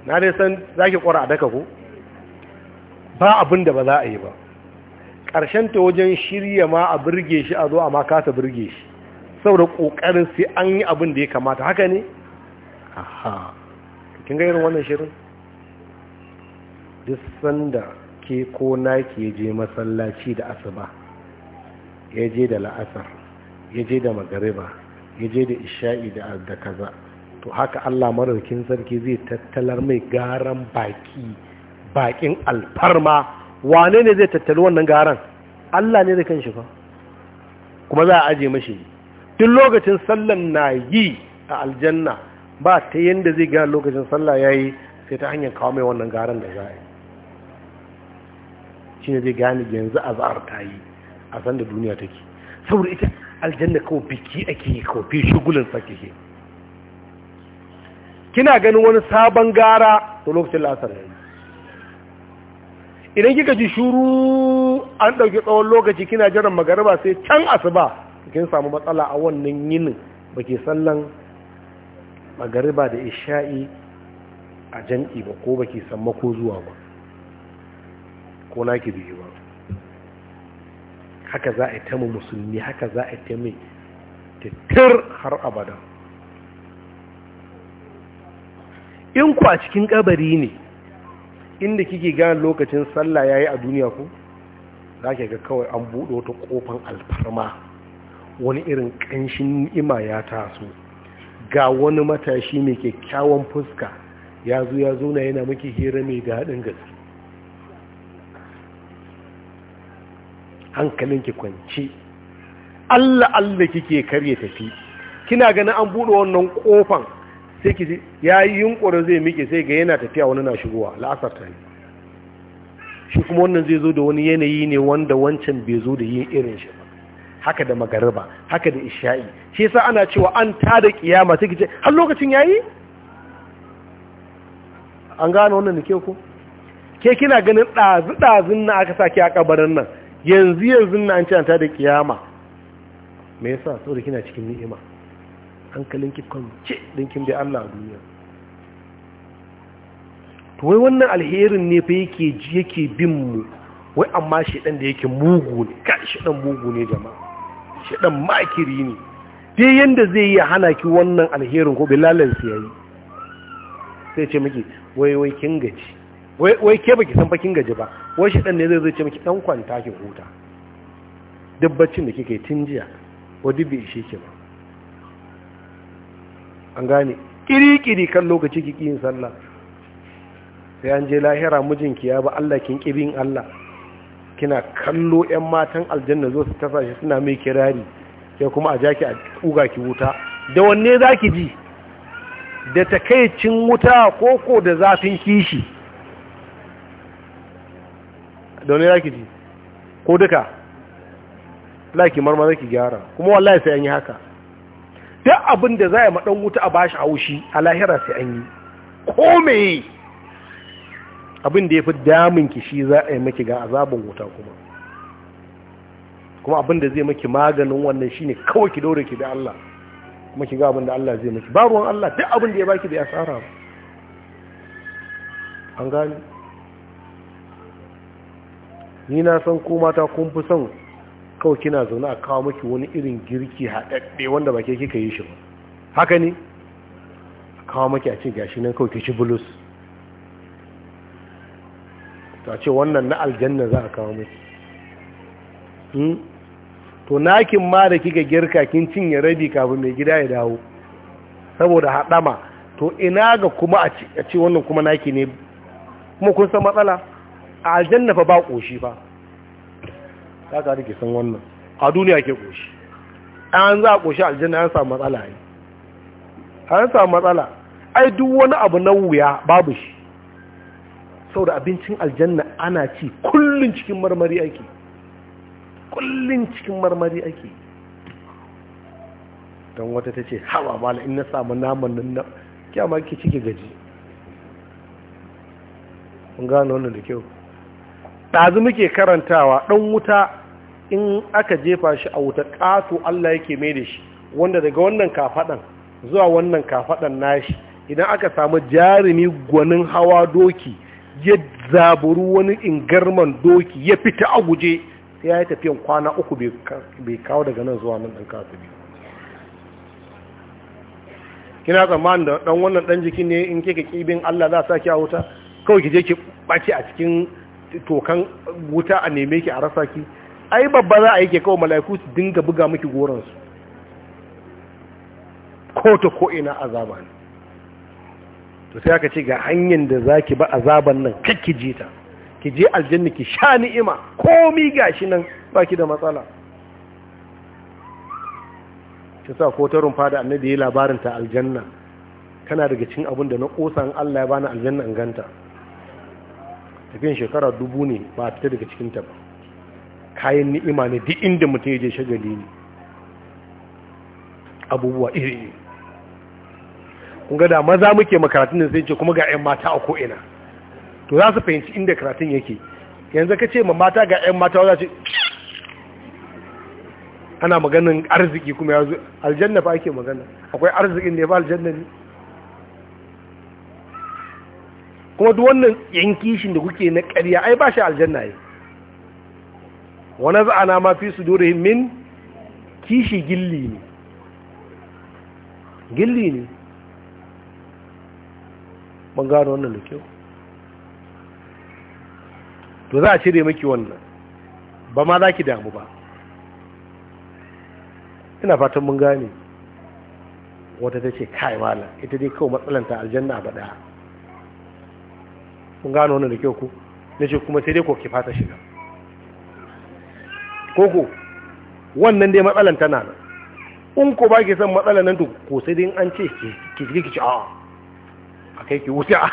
na dai san za ki ƙwara a daka ko ba abin da ba za a yi ba ƙarshen ta wajen shirya ma a birge shi a zo a maka kasa birge shi saboda ƙoƙarin sai an yi abin da ya kamata haka ne? aha kin ga irin wannan shirin duk sanda ke ko naki ya je masallaci da asuba ya je da la'asar ya je da magariba ya je da isha'i da kaza to haka Allah mararkin sarki zai tattalar mai garan baki bakin alfarma wane ne zai tattali wannan garan Allah ne da shi fa kuma za a aje mashi duk lokacin sallan na yi a aljanna ba ta yanda zai gana lokacin sallah ya yi sai ta hanyar kawo mai wannan garan da za a yi ya zai gane yanzu za'ar ta yi a sanda duniya duniya take saboda ita aljanna kawo biki ake yi kawo fi shugulin sake ke kina ganin wani sabon gara da lokacin la'asar yanzu idan kika ji shuru an ɗauki tsawon lokaci kina jiran magariba sai can asuba kin samu matsala a wannan yinin ba ke sallan magariba da isha'i a jam'i ba ko ba ke sammako zuwa ba ko naki bai yi ba haka za a taimu musulmi haka za a taimu tattar har abada in ku a cikin kabari ne inda kike gane lokacin sallah yi a duniya ku za ke ga kawai an buɗe wata ƙofan alfarma wani irin ƙanshin ni'ima ya taso ga wani matashi mai kyakkyawan fuska ya zo ya zo na yana miki hira mai daɗin gaske hankalin ki kwanci Allah Allah kike karye tafi kina ganin an bude wannan kofan sai ki yayi yunkuri zai miƙe sai ga yana tafiya wani na shigowa la'asar ta shi kuma wannan zai zo da wani yanayi ne wanda wancan bai zo da yin irin shi ba haka da magariba haka da isha'i shi yasa ana cewa an tada kiyama sai kice har lokacin yayi an gano wannan da ke ku ke kina ganin ɗazu dazun na aka saki a kabarin nan yanzu yanzu na an ci an ta da kiyama me yasa saboda kina cikin ni'ima hankalin ki kwance don kin bi Allah a duniya to wai wannan alherin ne fa yake ji yake bin mu wai amma shedan da yake mugu ne ka shedan mugu ne jama'a shedan makiri ne dai yanda zai yi hana ki wannan alherin ko bilalan sai yayi sai ce miki wai wai kin gaji wai ke baki san bakin gaji ba wai shi dan ne zai zuce miki dan kwanta ki huta Dabbacin da kike tun jiya wa shi ke ba an gane kiri-kiri kan lokaci kiki yin sallah sai an je lahira mijinki ya ba Allah kin kibin Allah kina kallo ƴan matan aljanna zo su tasa shi suna mai kirari sai kuma a jaki a kuga ki wuta da wanne zaki ji da takaicin wuta koko da zafin kishi da wani zaki ji ko duka laki marma zaki gyara kuma wallahi sai an yi haka duk abin da za a yi maɗan wuta a bashi haushi a lahira sai an yi ko meye abin da ya fi damun ki shi za a yi maki ga azabin wuta kuma kuma abin da zai maki maganin wannan shine kawai ki daure ki da Allah kuma ki ga abin da Allah zai maki ba ruwan Allah duk abin da ya baki da asara ba an gani ni na san ko mata kun fi son kawai kina zaune a kawo maki wani irin girki haɗaɗɗe wanda ba ke kika yi shi ba haka ne a kawo maki a ce gashi nan kawai kici bulus ta ce wannan na aljanna za a kawo maki hmm? to nakin ma da kika girka kin cinye rabi kafin mai gida ya dawo saboda haɗama to ina ga kuma a ce wannan kuma naki ne kuma kun san matsala a aljanna fa ba koshi fa ta ka rike san wannan a duniya ke koshi. an za a koshi aljanna an samu matsala ne an samu matsala ai duk wani abu na wuya babu shi saboda abincin aljanna ana ci kullum cikin marmari ake kullum cikin marmari ake don wata ta ce hawa mala in na samu naman nan na kyamaki cike gaji gano wannan da kyau ɗazu muke karantawa ɗan wuta in aka jefa shi a wuta ƙato Allah yake mai da shi wanda daga wannan kafaɗan zuwa wannan kafaɗan nashi idan aka samu jarumi gwanin hawa doki ya zaburu wani ingarman doki ya fita a guje sai ya yi tafiyan kwana uku bai kawo daga nan zuwa nan ɗan kasu biyu kina tsammanin da ɗan wannan ɗan jiki ne in kika ƙibin Allah za a sa ki a wuta kawai ki je ki ɓace a cikin tokan wuta a neme ki a rasa ki ai babba za a yi ke kawo mala'iku su dinga buga miki su ko ta ko ina azaba ne to sai aka ce ga hanyar da za ki ba azaban nan kakki je ta ki je aljanna ki sha ni'ima komi gashi nan ba ki da matsala ta sa ko ta rumfa da annabi ya ta aljanna kana daga cin abun da na ƙosan Allah ya bani aljanna in ganta tafiyan shekara dubu ne ba a fita daga cikin ta ba kayan ni'ima ne duk inda mutum ya je shagali ne abubuwa iri kun ga da maza muke makaratun sai ce kuma ga 'yan mata a ko'ina to za su fahimci inda karatun yake yanzu ka ce ma mata ga 'yan mata za ce ana maganin arziki kuma ya zo aljanna ba ake magana akwai arzikin da ya ba aljanna ne kuma duk wannan yan kishin da kuke na karya, ai ba shi aljanna yi wani za'ana ma fi su dore min kishi gilli ne gilli ne ban gano wannan da kyau to za a cire maki wannan ba ma za ki damu ba ina fatan mun gane wata ta ce kai mala ita dai kawai matsalanta aljanna ba ɗaya kun gano wannan da kyau ku na ce kuma sai dai ko ki fata shiga koko wannan dai matsalan tana nan in ko ba ki son matsalan nan ko sai dai an ce ke ki a a kai ki wuce a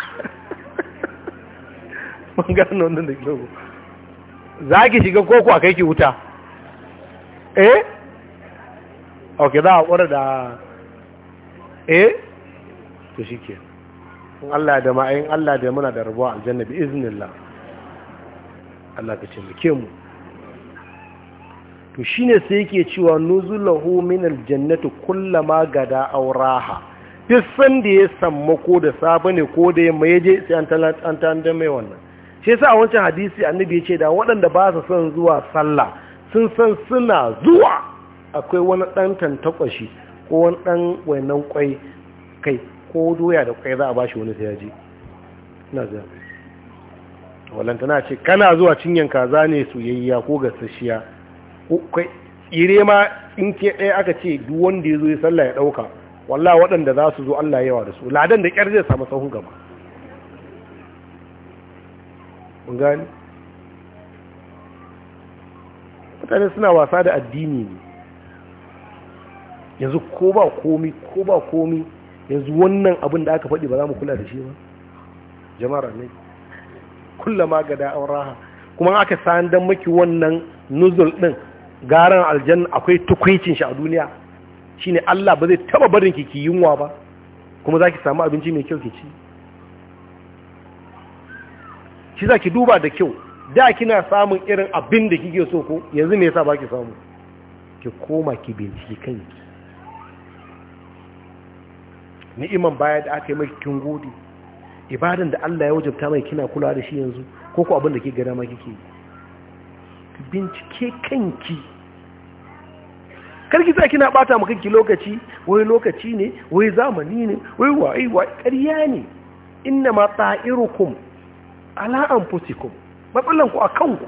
mun gano wannan da kyau za ki shiga koko a kai ki wuta eh ok za a ƙwara da eh to shi ke in Allah da ma'ayin Allah da muna da rabuwa aljanna bi iznillah Allah ka cimike mu to shine sai yake cewa nuzulahu min aljannati kullama gada auraha duk da ya samma ko da safe ne ko da yamma yaje sai an an da mai wannan shi yasa a wancan hadisi annabi ya ce da waɗanda ba su son zuwa sallah sun san suna zuwa akwai wani ɗan tantakwashi ko wani ɗan wainan kwai kai ko doya da kwai za a bashi wani sai ya je zai zuwa walantana ce kana zuwa cinyan kaza ne soyayya ko gasasshiya ko kai ire ma in ke ɗaya aka ce duk wanda ya zo ya sallah ya ɗauka walla waɗanda za su zo Allah yawa da su ladan da ƙyar zai samu sahun gaba mun gani mutane suna wasa da addini ne yanzu ko ba komi ko ba komi yanzu wannan abin da aka faɗi ba za mu kula da shi ba jama'ar ne kulla ma gada da'awar raha kuma aka san dan maki wannan nuzul ɗin, garan aljanna akwai tukwicin shi a duniya Shi ne Allah ba zai taba barin ki ki yunwa ba kuma za ki samu abinci mai kyau ki ci shi ki duba da kyau da kina samun irin abin da kike so ko yanzu me yasa ki samu ki koma ki binciki kanki ni'iman baya da aka yi mai kin gode ibadan da Allah ya wajabta mai kina kula da shi yanzu ko ko abin da ke gada ma kike bincike kanki karki sa kina bata maka kanki lokaci wai lokaci ne wai zamani ne wai wai wai ƙarya ne inna ma ta'irukum ala anfusikum matsalan ku akan ku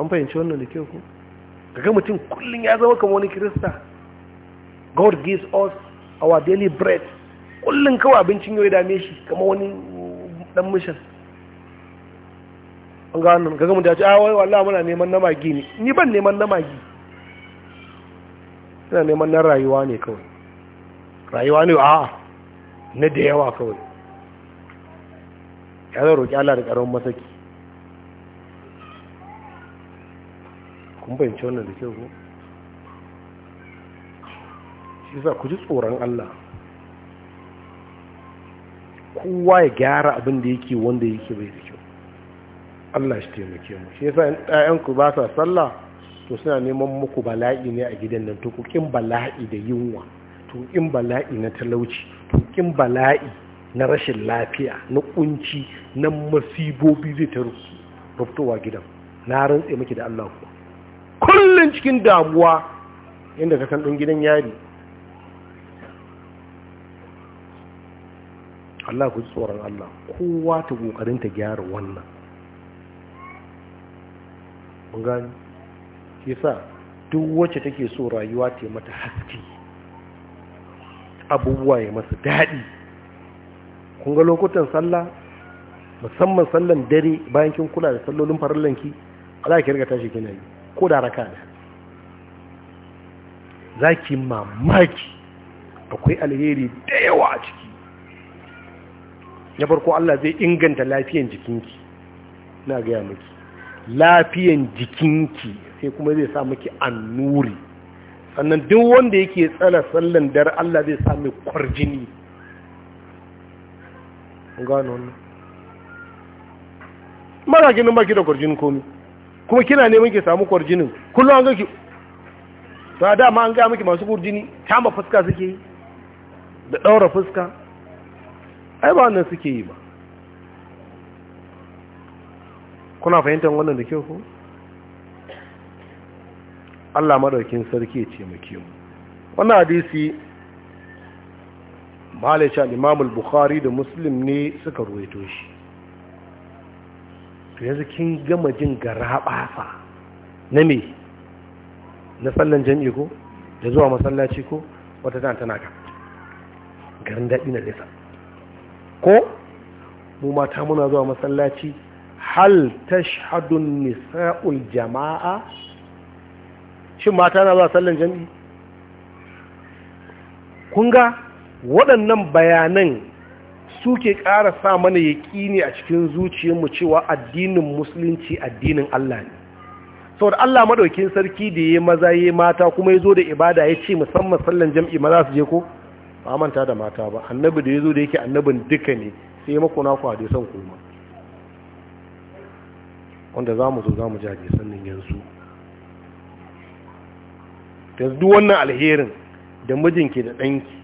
an fahimci wannan da kyau ku kaga mutum kullun ya zama kamar wani kirista God gives us our daily bread kullum kawai abincin yau dame shi kama wani dan mishan an gano ga gamu da ce a ah, wai wallahi muna neman na magi ne ni ban neman na magi ina neman na rayuwa ne kawai rayuwa ne a na da yawa kawai ya zai roƙi Allah da ƙaramin masaki kun fahimci wannan da kyau ko yasa ku ji tsoron Allah kowa ya gyara abin da yake wanda yake bai da kyau Allah shi taimake mu shi yasa ɗayan 'Ɗa'yanku ba sa sallah to suna neman muku bala'i ne a gidan nan to kukin bala'i da yunwa to kukin bala'i na talauci to kukin bala'i na rashin lafiya na kunci na masibobi zai ta ruftowa gidan na rantse miki da Allah ku kullun cikin damuwa inda ka san ɗan gidan yari Allah ku ji tsoron Allah kowa ta kokarin ta gyara wannan mun gani sa duk wacce take so rayuwa ta mata haske abubuwa ya masa daɗi kun ga lokutan sallah musamman sallan dare bayan kin kula da sallolin farallanki za ki riga tashi kina yi ko da raka ne za mamaki akwai alheri da yawa a ciki na farko Allah zai inganta lafiyan jikinki na gaya miki lafiyan jikinki sai kuma zai sa miki annuri sannan duk wanda yake tsala sallan dare Allah zai sa mai kwarjini gano wannan mara ginin baki da kwarjini komi kuma kina neman ki samu kwarjinin kullum an gaki ta dama an gaya miki masu kwarjini ta ma fuska suke yi da ɗaura fuska ai ba wannan suke yi ba kuna fahimtar wannan da kyau ko Allah madaukin sarki ce muke mu wannan hadisi malaika Imam al-Bukhari da Muslim ne suka ruwaito shi to yanzu kin gama jin fa, na me na sallan jami'i ko da zuwa masallaci ko wata tana tana ka garin daɗi na nesa ko mu mata muna zuwa masallaci hal tashhadun nisa'ul jama'a shin mata na zuwa sallan jami'i kun ga waɗannan bayanan suke ƙara sa mana yaƙini a cikin zuciyarmu cewa addinin musulunci addinin Allah ne saboda Allah maɗaukin sarki da ya maza ya mata kuma ya zo da ibada ya ce musamman sallan jam'i maza su je ko ba manta da mata ba annabi da ya zo da yake annabin duka ne sai ya makona ku san koma wanda za mu zo za mu ji sannan yansu yanzu yanzu duk wannan alherin da mijinki da ɗanki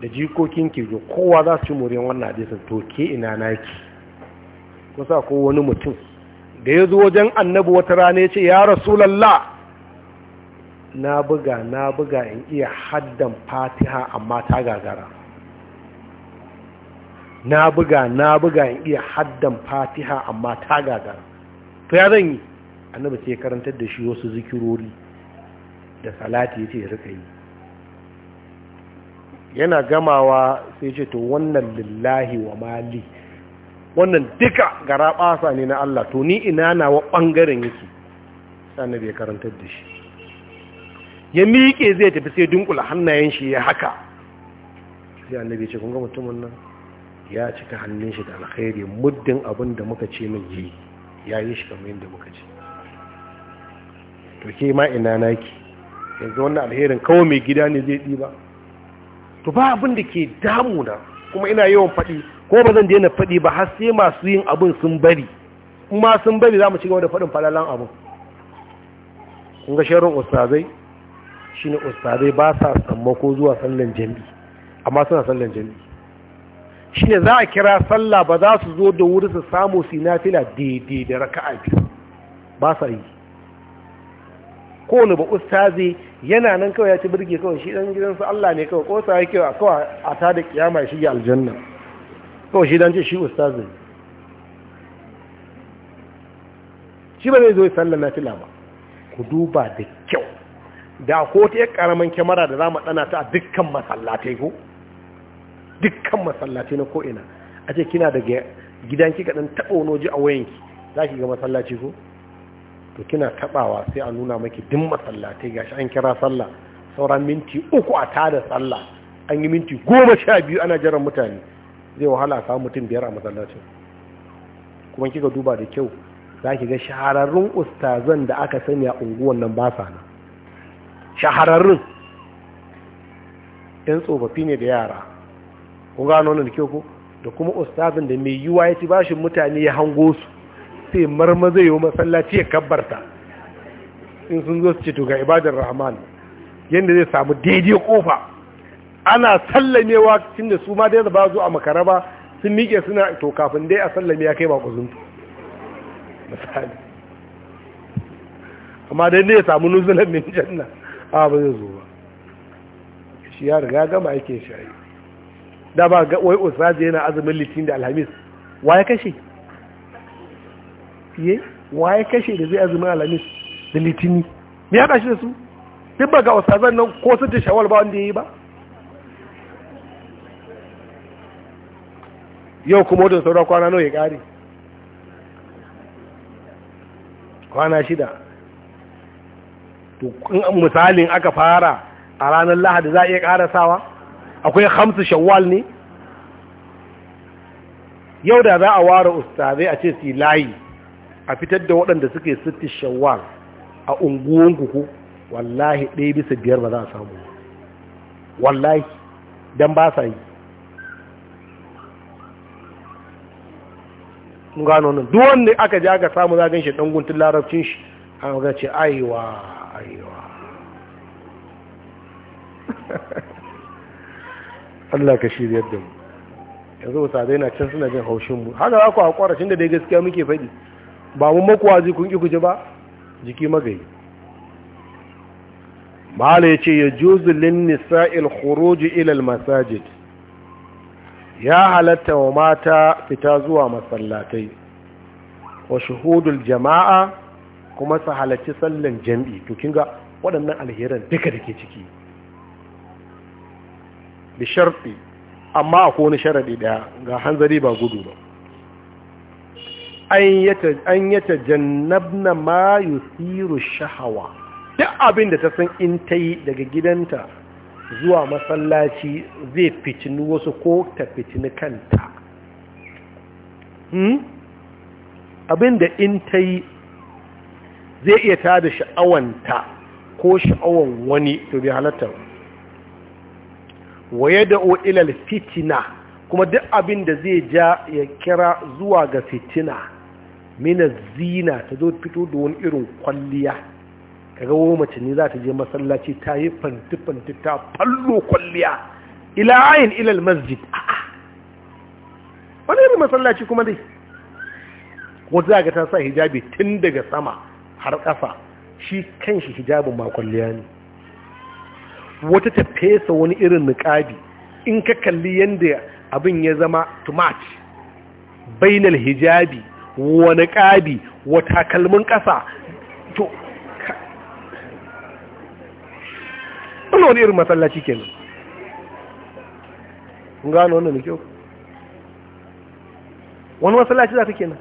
da jikokinki ga kowa za su ci moriyar wannan hadisin to ke ina naki kusa ko wani mutum da ya zo wajen annabi wata rana ya ce ya rasulallah na buga na buga in iya haddan fatiha amma ta gagara na buga na buga in iya haddan fatiha amma ta gagara to ya zan yi annabi sai karantar da shi wasu zikirori da salati ya ce rika yi yana gamawa sai ce to wannan lillahi wa mali wannan duka gara ne na Allah to ni ina nawa ɓangaren yake sannan bai karantar da shi ya miƙe zai tafi sai dunkula hannayen shi ya haka sai annabi ce kun ga mutumin nan ya cika hannun shi da alkhairi muddin abin da muka ce min yi ya yi shi kamar yadda muka ce to ke ma ina naki yanzu wannan alherin kawai mai gida ne zai ɗiba to ba abin da ke damuna kuma ina yawan faɗi ko ba zan daina faɗi ba har sai masu yin abin sun bari kuma sun bari za mu ci gaba da faɗin falalan abin kun ga sharon ustazai shine ustadai ba sa sammako zuwa sallan jami'i amma suna sallan jami'i shine za a kira sallah ba za su zo da wuri su samu sinafila daidai da raka'a biyu ba sa yi kowane ba ustazi yana nan kawai ya ci birge kawai shi dan su Allah ne kawai ko sai kawai kawai a ta da kiyama shi ga aljanna kawai shi dan ce shi ustazi shi ba zai zo Sallan nafila ba ku duba da kyau da ko ta yi karamin kyamara da za mu dana ta a dukkan masallatai ko dukkan masallatai na ko'ina a ce kina daga gidanki kaɗan taɓa wani waje a wayanki za ki ga masallaci ko to kina taɓawa sai a nuna maki duk masallatai shi an kira sallah sauran minti uku a tada sallah an yi minti goma sha biyu ana jiran mutane zai wahala a samu mutum biyar a masallacin kuma kika duba da kyau za ki ga shahararrun ustazan da aka sani a unguwan nan ba sa nan shahararrun yan tsofaffi ne da yara kun gano wannan da ko da kuma ustazin da mai yiwa ya ci bashin mutane ya hango su sai marma zai yi masallaci ya kabbarta in sun zo su ce to ibadar rahman yadda zai samu daidai kofa ana sallamewa cikin da su ma dai ba zo a makara ba sun miƙe suna to kafin dai a sallame ya kai ba kuzuntu misali amma dai ne ya samu nuzulan min janna ba zai zo ba shi ya riga gama aikin shayi da ba ga wai usaji yana azumin litinin da alhamis wa ya kashe fiye wa ya kashe da zai azumin alhamis da litini me ya kashe da su duk ba ga usazan nan ko sun ta shawal ba wanda ya yi ba yau kuma wajen sauran kwana nawa ya kare kwana shida misalin aka fara a ranar lahadi za a iya karasawa akwai hamsu shawwal ne yau da za a ware ustazai a ce su layi a fitar da waɗanda suke sitti shawwal a unguwanku ko wallahi ɗaya bisa biyar ba za a samu wallahi don ba sa yi gano nan duk wanda aka ji aka samu zagan shi ɗan guntun larabcin shi an ga ce aiwa aiwa Allah ka shirya da mu yanzu wata dai na can suna jin haushin mu haka za ku a da dai gaskiya muke faɗi ba mun makuwa zai kun ƙi guji ba jiki magayi mahala ya ce ya juzu lin nisa'il khuruji ilal masajid ya halatta wa mata fita zuwa masallatai wa shuhudul jama'a kuma su halarci sallan jam'i to kinga waɗannan alheran duka da ke ciki da sharfi amma a kone sharaɗi ɗaya ga hanzari ba gudu ba an yata jannabna ma yusiru shahawa duk abin da ta san in ta yi daga gidanta zuwa masallaci zai fitini wasu ko ta fitini kanta hmm? abin da in ta yi zai iya tada sha'awanta ko sha'awan wani to bi halatta wa ya dao ilal fitina kuma duk abin da zai ja ya kira zuwa ga fitina mina zina ta zo fito da wani irin kwalliya ka wo mace ne za ta je masallaci ta yi fanti fanti ta fallo kwalliya ila ayin masjid al-masjid wani irin masallaci kuma dai wata za ta sa hijabi tun daga sama har ƙasa shi kanshi hijabin makwalliya ne wata ta fesa wani irin niƙabi in ka kalli yadda abin ya zama tumat bainal hijabi wa niƙabi wa takalmin ƙasa to wani irin masallaci kenan kun gano wannan da kyau wani masallaci za ta kenan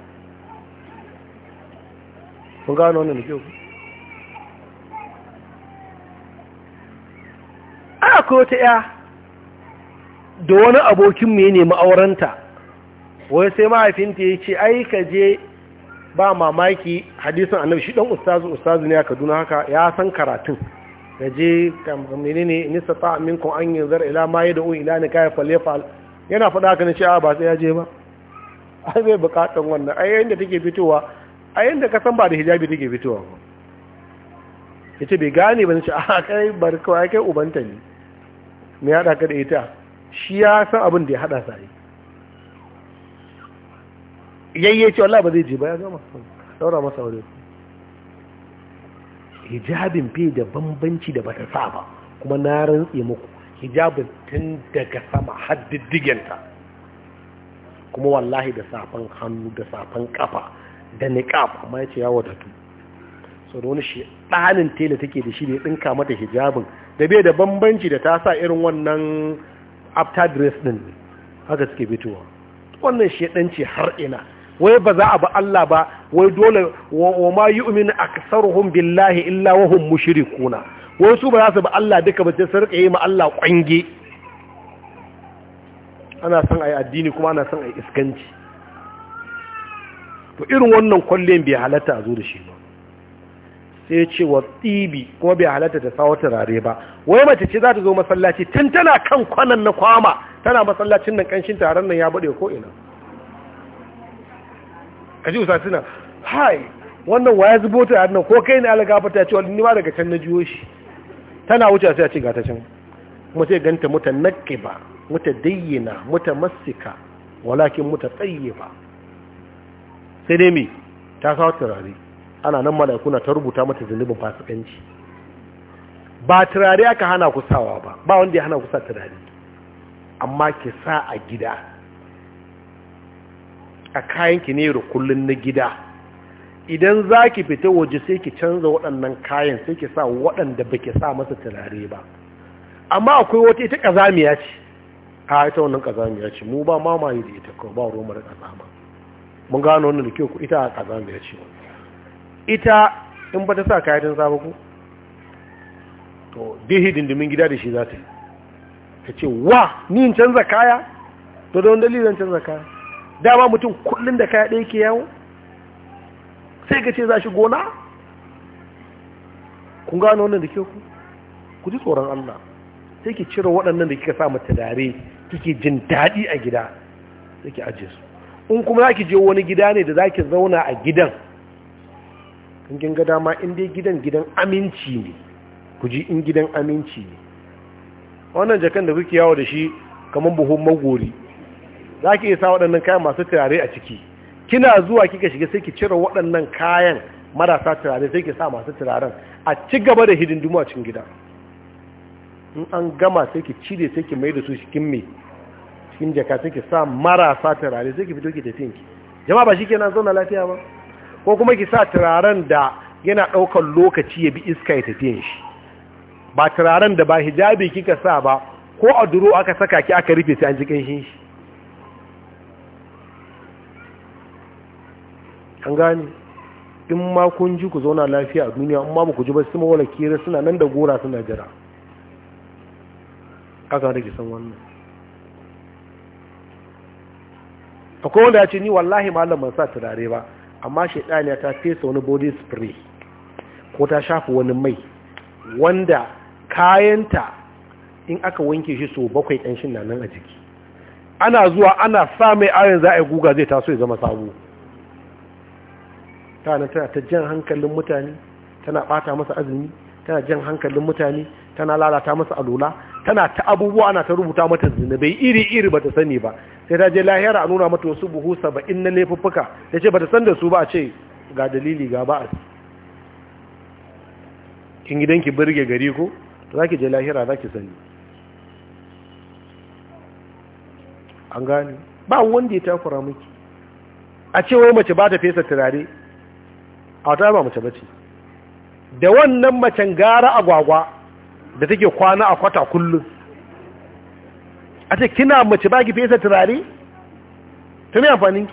kun gano wannan da kyau ko wata ya da wani abokinmu ya nemi aurenta wai sai mahaifinta ya ce ai ka je ba mamaki hadisun annabi shi dan ustazu ustazu ne a Kaduna haka ya san karatun ka je ne nisa ta kun an zar ila ma un ila ni kai falefa yana faɗa ka ne ce a ba sai ya je ba ai bai bukatan wannan ai yayin da take fitowa a yadda ka san ba da hijabi take fitowa ba ya ce bai gane ba na ce a kai barkawa ya kai ubanta ne mai haɗa ka da ita shi ya san abin da ya haɗa sa yi yayye ce wallah ba zai je ba ya gama daura masa aure hijabin fi da bambanci da bata sa ba kuma na rantse muku hijabin tun daga sama har kuma wallahi da safan hannu da safan kafa da niqab amma ya ce ya wadatu so da wani shi ɗanin tela take da shi ne ɗinka mata hijabin da bai da bambanci da ta sa irin wannan after dress ɗin haka suke bitowa wannan shedanci har ina wai ba za a ba Allah ba wai dole wa ma yu'min aktsaruhum billahi illa wa hum mushrikuna wai su ba za su ba Allah duka ba sai su yi ma Allah kwange ana son ayi addini kuma ana son ayi iskanci to irin wannan kwallon bai halatta a zo da shi ba sai ce wa tsibi kuma bai halatta ta sa wata rare ba wai mace ce za ta zo masallaci tun tana kan kwanan na kwama tana masallacin nan kanshin taron nan ya bude ko ina ka ji suna hai wannan waya zubo ta yadda ko kai ne alagafa ta ce wani ma daga can na jiwo shi tana wuce sai a ce gata can kuma sai ganta muta ba muta dayyana muta masika walakin muta tsayyiba sai dai me ta kawo turare ana nan mala'ikuna ta rubuta mata zunubin fasikanci ba turare aka hana kusawa ba ba wanda ya hana kusa turare amma ki sa a gida a kayan ki ne rukullin na gida idan za ki fita waje sai ki canza waɗannan kayan sai ki sa waɗanda ba ki sa masa turare ba amma akwai wata ita ƙazamiya ce a ita wannan ƙazamiya ce mu ba mamaye da ita kawo ba ruwan mara ƙazama mun gano wannan da kyau ku ita a kazan da ya ce ita in ba ta sa kayan sabo ku to dihi dindimin gida da shi za ta yi ta ce wa ni in canza kaya to da wani dalilin canza kaya dama mutum kullum da kaya ɗaya ke yawo sai ka ce za shi gona kun gano wannan da kyau ku ku ji tsoron Allah sai ki cire waɗannan da kika sa mata dare kike jin daɗi a gida sai ki ajiye su in kuma za ki je wani gida ne da za ki zauna a gidan ƙungin ga dama in gidan gidan aminci ne ku ji in gidan aminci ne wannan jakan da kuke yawo da shi kamar buhun magori za ki iya sa waɗannan kayan masu turare a ciki kina zuwa kika shiga sai ki cire waɗannan kayan marasa turare sai ki sa masu turaren a ci gaba da hidindimu a cikin gida in an gama sai ki cire sai ki mai da su cikin mai cikin jaka suke sa marasa turare sai ki fito ki tafi ki jama'a ba kenan zauna lafiya ba ko kuma ki sa turaren da yana ɗaukar lokaci ya bi iska ya tafi shi ba turaren da ba hijabi kika sa ba ko a duro aka saka ki aka rufe sai an ji kanshin shi an gane in ma kun ji ku zauna lafiya a duniya in ma ba ku ji ba su mawala kira suna nan da gora suna jira aka da ke san wannan akwai wanda ya ce ni wallahi malam ban sa turare ba amma shaidaniya ta fesa wani body spray ko ta shafa wani mai wanda kayanta in aka wanke shi so bakwai ɗan shi nan a jiki ana zuwa ana sa mai ayon za a yi guga zai taso ya zama sabo tana tana ta jan hankalin mutane tana bata masa azumi tana jan hankalin mutane tana lalata masa alola tana ta abubuwa ana ta rubuta mata zinabai iri-iri ba ta sani ba sai ta je lahira a nuna mata wasu buhu saba'in na laifuffuka Ya ce ba ta san da su ba a ce ga dalili ga ba'a kin gidanki birge gari ko za ki je lahira za ki sani an gane ba wanda ya takura miki a ce wai mace ba ta fesa turare a wata ba mace bace da wannan macen gara agwagwa da take kwana a kwata kullum a ce kina mace baki fesa turare ta mai amfani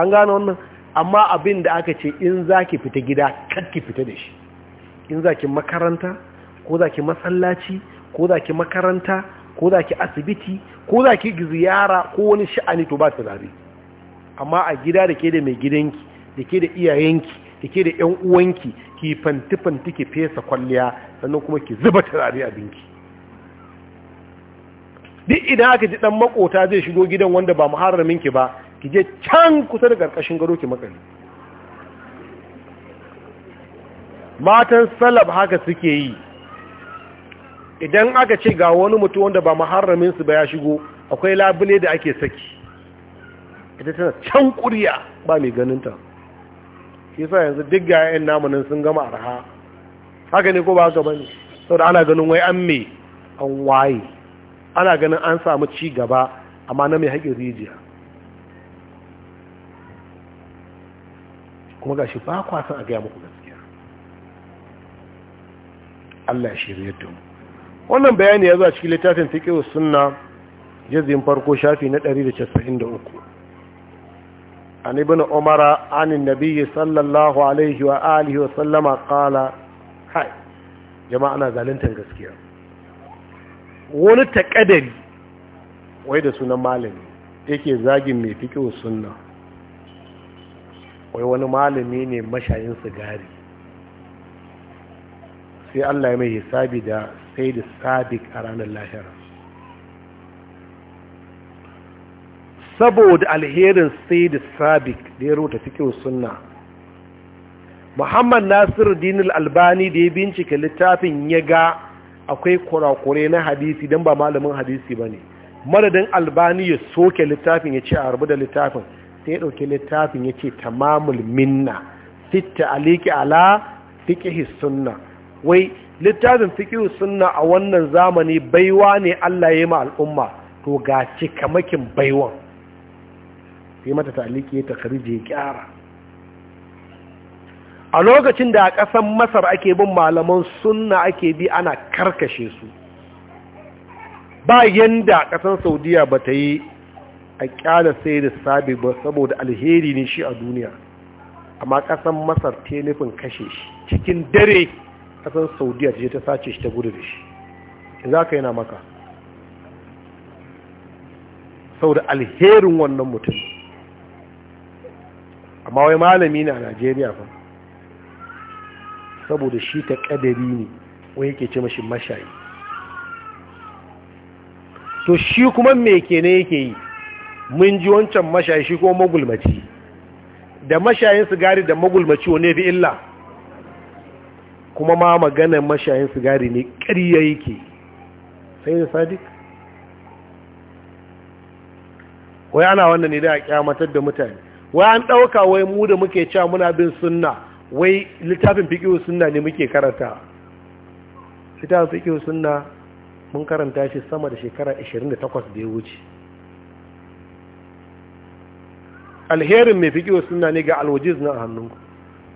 an gano wannan amma abin da aka ce in za ki fita gida kan ki fita da shi in za ki makaranta ko za ki masallaci ko za ki makaranta ko za ki asibiti ko za ki ziyara ko wani sha'ani to ba turare amma a gida da ke da mai gidanki da ke da iyayenki da ke da 'yan uwanki ki fanti-fanti ki fesa kwalliya sannan kuma ki zuba turare abinki duk idan aka ji dan makota zai shigo gidan wanda ba muharramin ki ba ki je can kusa da karkashin gado ki makali matan salaf haka suke yi idan aka ce ga wani mutum wanda ba muharramin su ba ya shigo akwai labule da ake saki ita tana can kuriya ba mai ganinta shi sa yanzu duk ga 'yan namunin sun gama arha haka ne ko ba haka bane saboda ana ganin wai an me an waye ana ganin an samu ci gaba amma na mai haƙin rijiya kuma ga shi ba kwasan a gaya muku gaskiya Allah ya shirya yadda mu wannan bayani ya zuwa cikin littafin fiƙe suna jirgin farko shafi na 193 an ibn umara anin nabiyyi sallallahu alaihi wa alihi wa sallama kala hai jama'a na zaluntar gaskiya wani taƙadari wai da sunan malami yake zagin mai fikiyo suna, wai wani malami ne mashayin sigari sai Allah ya mai hisabi da sai da a ranar lahira saboda alherin sai da da ya rota fikiyo suna, muhammad nasiru dinul albani da ya bincika littafin ya ga akwai kurakure na hadisi don ba malamin hadisi ba ne madadin albani ya soke littafin ya ce a rubu da littafin sai ya ɗauki littafin ya ce tamamul minna fitta aliki ala fiƙihi sunna wai littafin fiƙihi sunna a wannan zamani baiwa ne allah ya ma al'umma to ga cikamakin baiwan sai mata ta aliki ya takarije ya kyara a lokacin da a ƙasan masar ake bin malaman sunna ake bi ana karkashe su ba yanda ƙasan saudiya ba ta yi a ƙyala sai da sabi ba saboda alheri ne shi a duniya amma ƙasan masar ta nufin kashe shi cikin dare ƙasan saudiya ta je ta sace shi ta gudu da shi in za ka yana maka saboda alherin wannan mutum amma wai malami na a najeriya ba saboda shi ta kadari ne wai yake ce mashi mashayi to shi kuma mai ke ne yake yi mun ji wancan mashayi shi kuma magulmaci da mashayin sigari da magulmaci wane fi illa kuma ma maganan mashayin sigari ne ƙarya yake sai da sadiq wai ana wannan ne da a kyamatar da mutane wai an ɗauka wai mu da muke cewa muna bin sunna wai littafin fiƙihu suna ne muke karanta littafin fiƙihu suna mun karanta shi sama da shekara 28 da ya wuce alherin mai fiƙihu suna ne ga alwajiz na hannun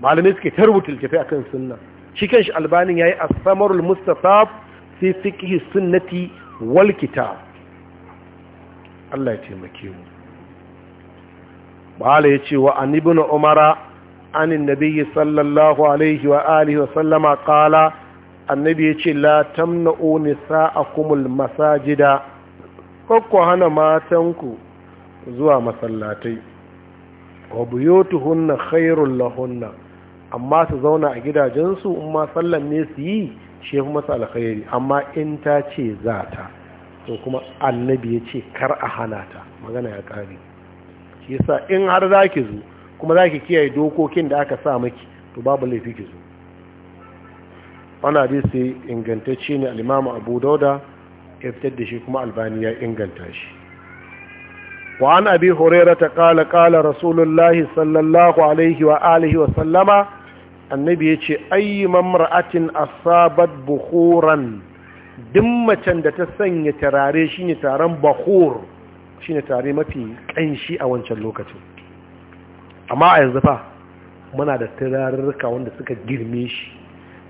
malamai suke tarbuta littafi akan sunna shi albanin albanin yi a samarul mustapha fi fiƙi sunnati wal kitab Allah ya taimake mu bala ce wa an ibn umara عن النبي صلى الله عليه وآله وسلم قال النبي يقول لا ku نساءكم المساجد كوكو هنا ما تنكو زوا مسلاتي وبيوتهن خير لهن amma su zauna a gidajensu in sallan ne su yi shi fi masa alkhairi amma in ta ce za ta to kuma annabi ya ce kar a hana ta magana ya kare shi in har za ki zo kuma za ki kiyaye dokokin da aka sa maki to babu laifi ki zo wani hadisi ingantacce ne alimamu abu dauda ya fitar da shi kuma albani ya inganta shi wa an abi ta kala kala rasulullahi sallallahu alaihi wa alihi wa sallama annabi ya ce ayi mamra'atin asabat bukhuran duk macen da ta sanya tarare shine taron bakhur shine tare mafi kanshi a wancan lokacin amma a yanzu fa muna da turarurruka wanda suka girme shi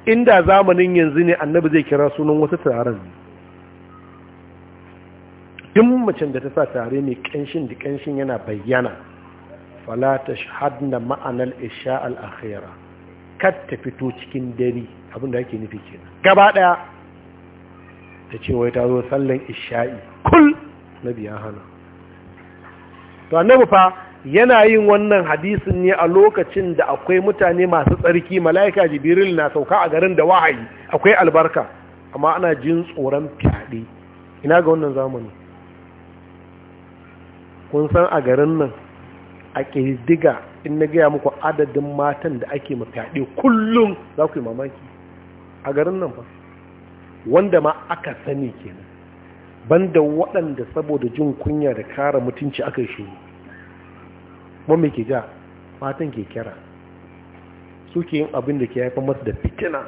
inda zamanin yanzu ne annabi zai kira sunan wasu ne duk macen da ta sa tare mai kanshin da kanshin yana bayyana fala ta shahadna ma'anar isha al'akhira kar ta fito cikin dare abinda ake nufi kenan gaba ɗaya. ta ce wai ta zo sallan isha'i kul na biya hana to annabi fa yana yin wannan hadisin ne a lokacin da akwai mutane masu tsarki mala'ika jibril na sauka a garin da wahayi akwai albarka amma ana jin tsoron fyaɗe ina ga wannan zamani kun san a garin nan a ƙirdiga in na gaya muku adadin matan da ake fyaɗe kullum za ku yi mamaki a garin nan ba wanda ma aka sani kenan banda waɗanda saboda jin kunya da kara mutunci aka shi ban ke ja fatan ke kira suke yin abin da ke haifar masu da fitina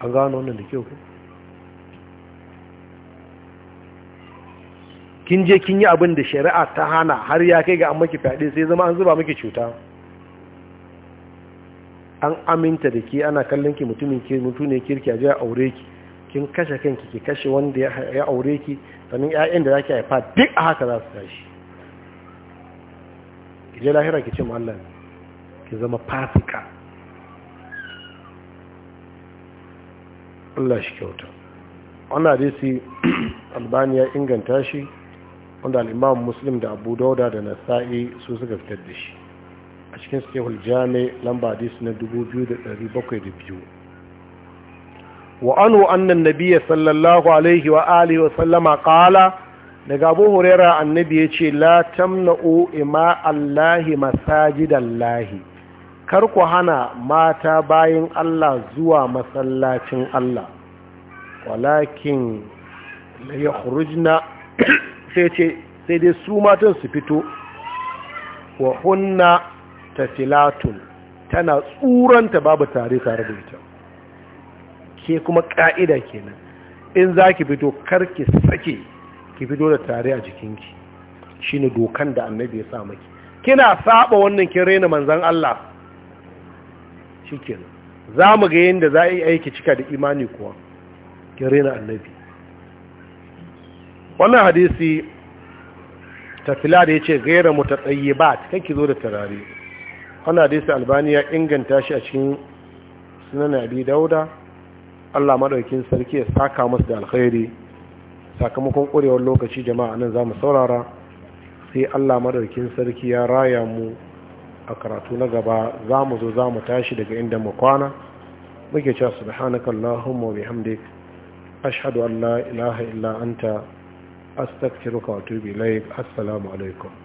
an gano wannan da kyau kin je kin yi abin da shari'a ta hana har ya kai ga an maki fyaɗe sai zama an zuba maki cuta an aminta da ke ana kallon ki mutumin ke mutu ne kirki a jiya aure ki kin kashe kanki ki kashe wanda ya aure ki sannan ƴaƴan da zaki haifa duk a haka za su tashi ki je lahira ki ce mu ki zama fasika Allah shi kyauta wannan hadisi ya inganta shi wanda al'imam muslim da abu dauda da nasa'i su suka fitar da shi a cikin sahihul jami lamba hadisi na 2702 wa anhu annan nabiyya sallallahu alaihi wa alihi wa sallama qala daga Abu annabi yace la tamna'u ima Allahi masajidallahi kar ku hana mata bayan Allah zuwa masallacin Allah walakin la yakhrujna sai ce sai dai su matan su fito wa hunna tafilatun tana tsuranta babu tare tare da ita ke kuma ka'ida kenan in za ki fito karki sake ki fito da tare a jikinki ne dokan da annabi ya sa maki kina saba wannan kin raina manzan Allah shikenan za mu ga yadda za a yi aiki cika da imani kuwa kin raina annabi wannan hadisi tafila da ya ce gaira tsaye ba kai ki zo da tarari wannan hadisi albaniya inganta shi a cikin sunan abi dauda Allah maɗaukin sarki ya saka musu da alkhairi sakamakon ƙurewar lokaci jama'a nan za mu saurara sai Allah maɗaukin sarki ya raya mu a karatu na gaba za mu zo za mu tashi daga inda mu kwana muke cewa subhanaka allahumma wa bihamdik ashhadu an la ilaha illa anta astaghfiruka wa atubu ilaik assalamu alaikum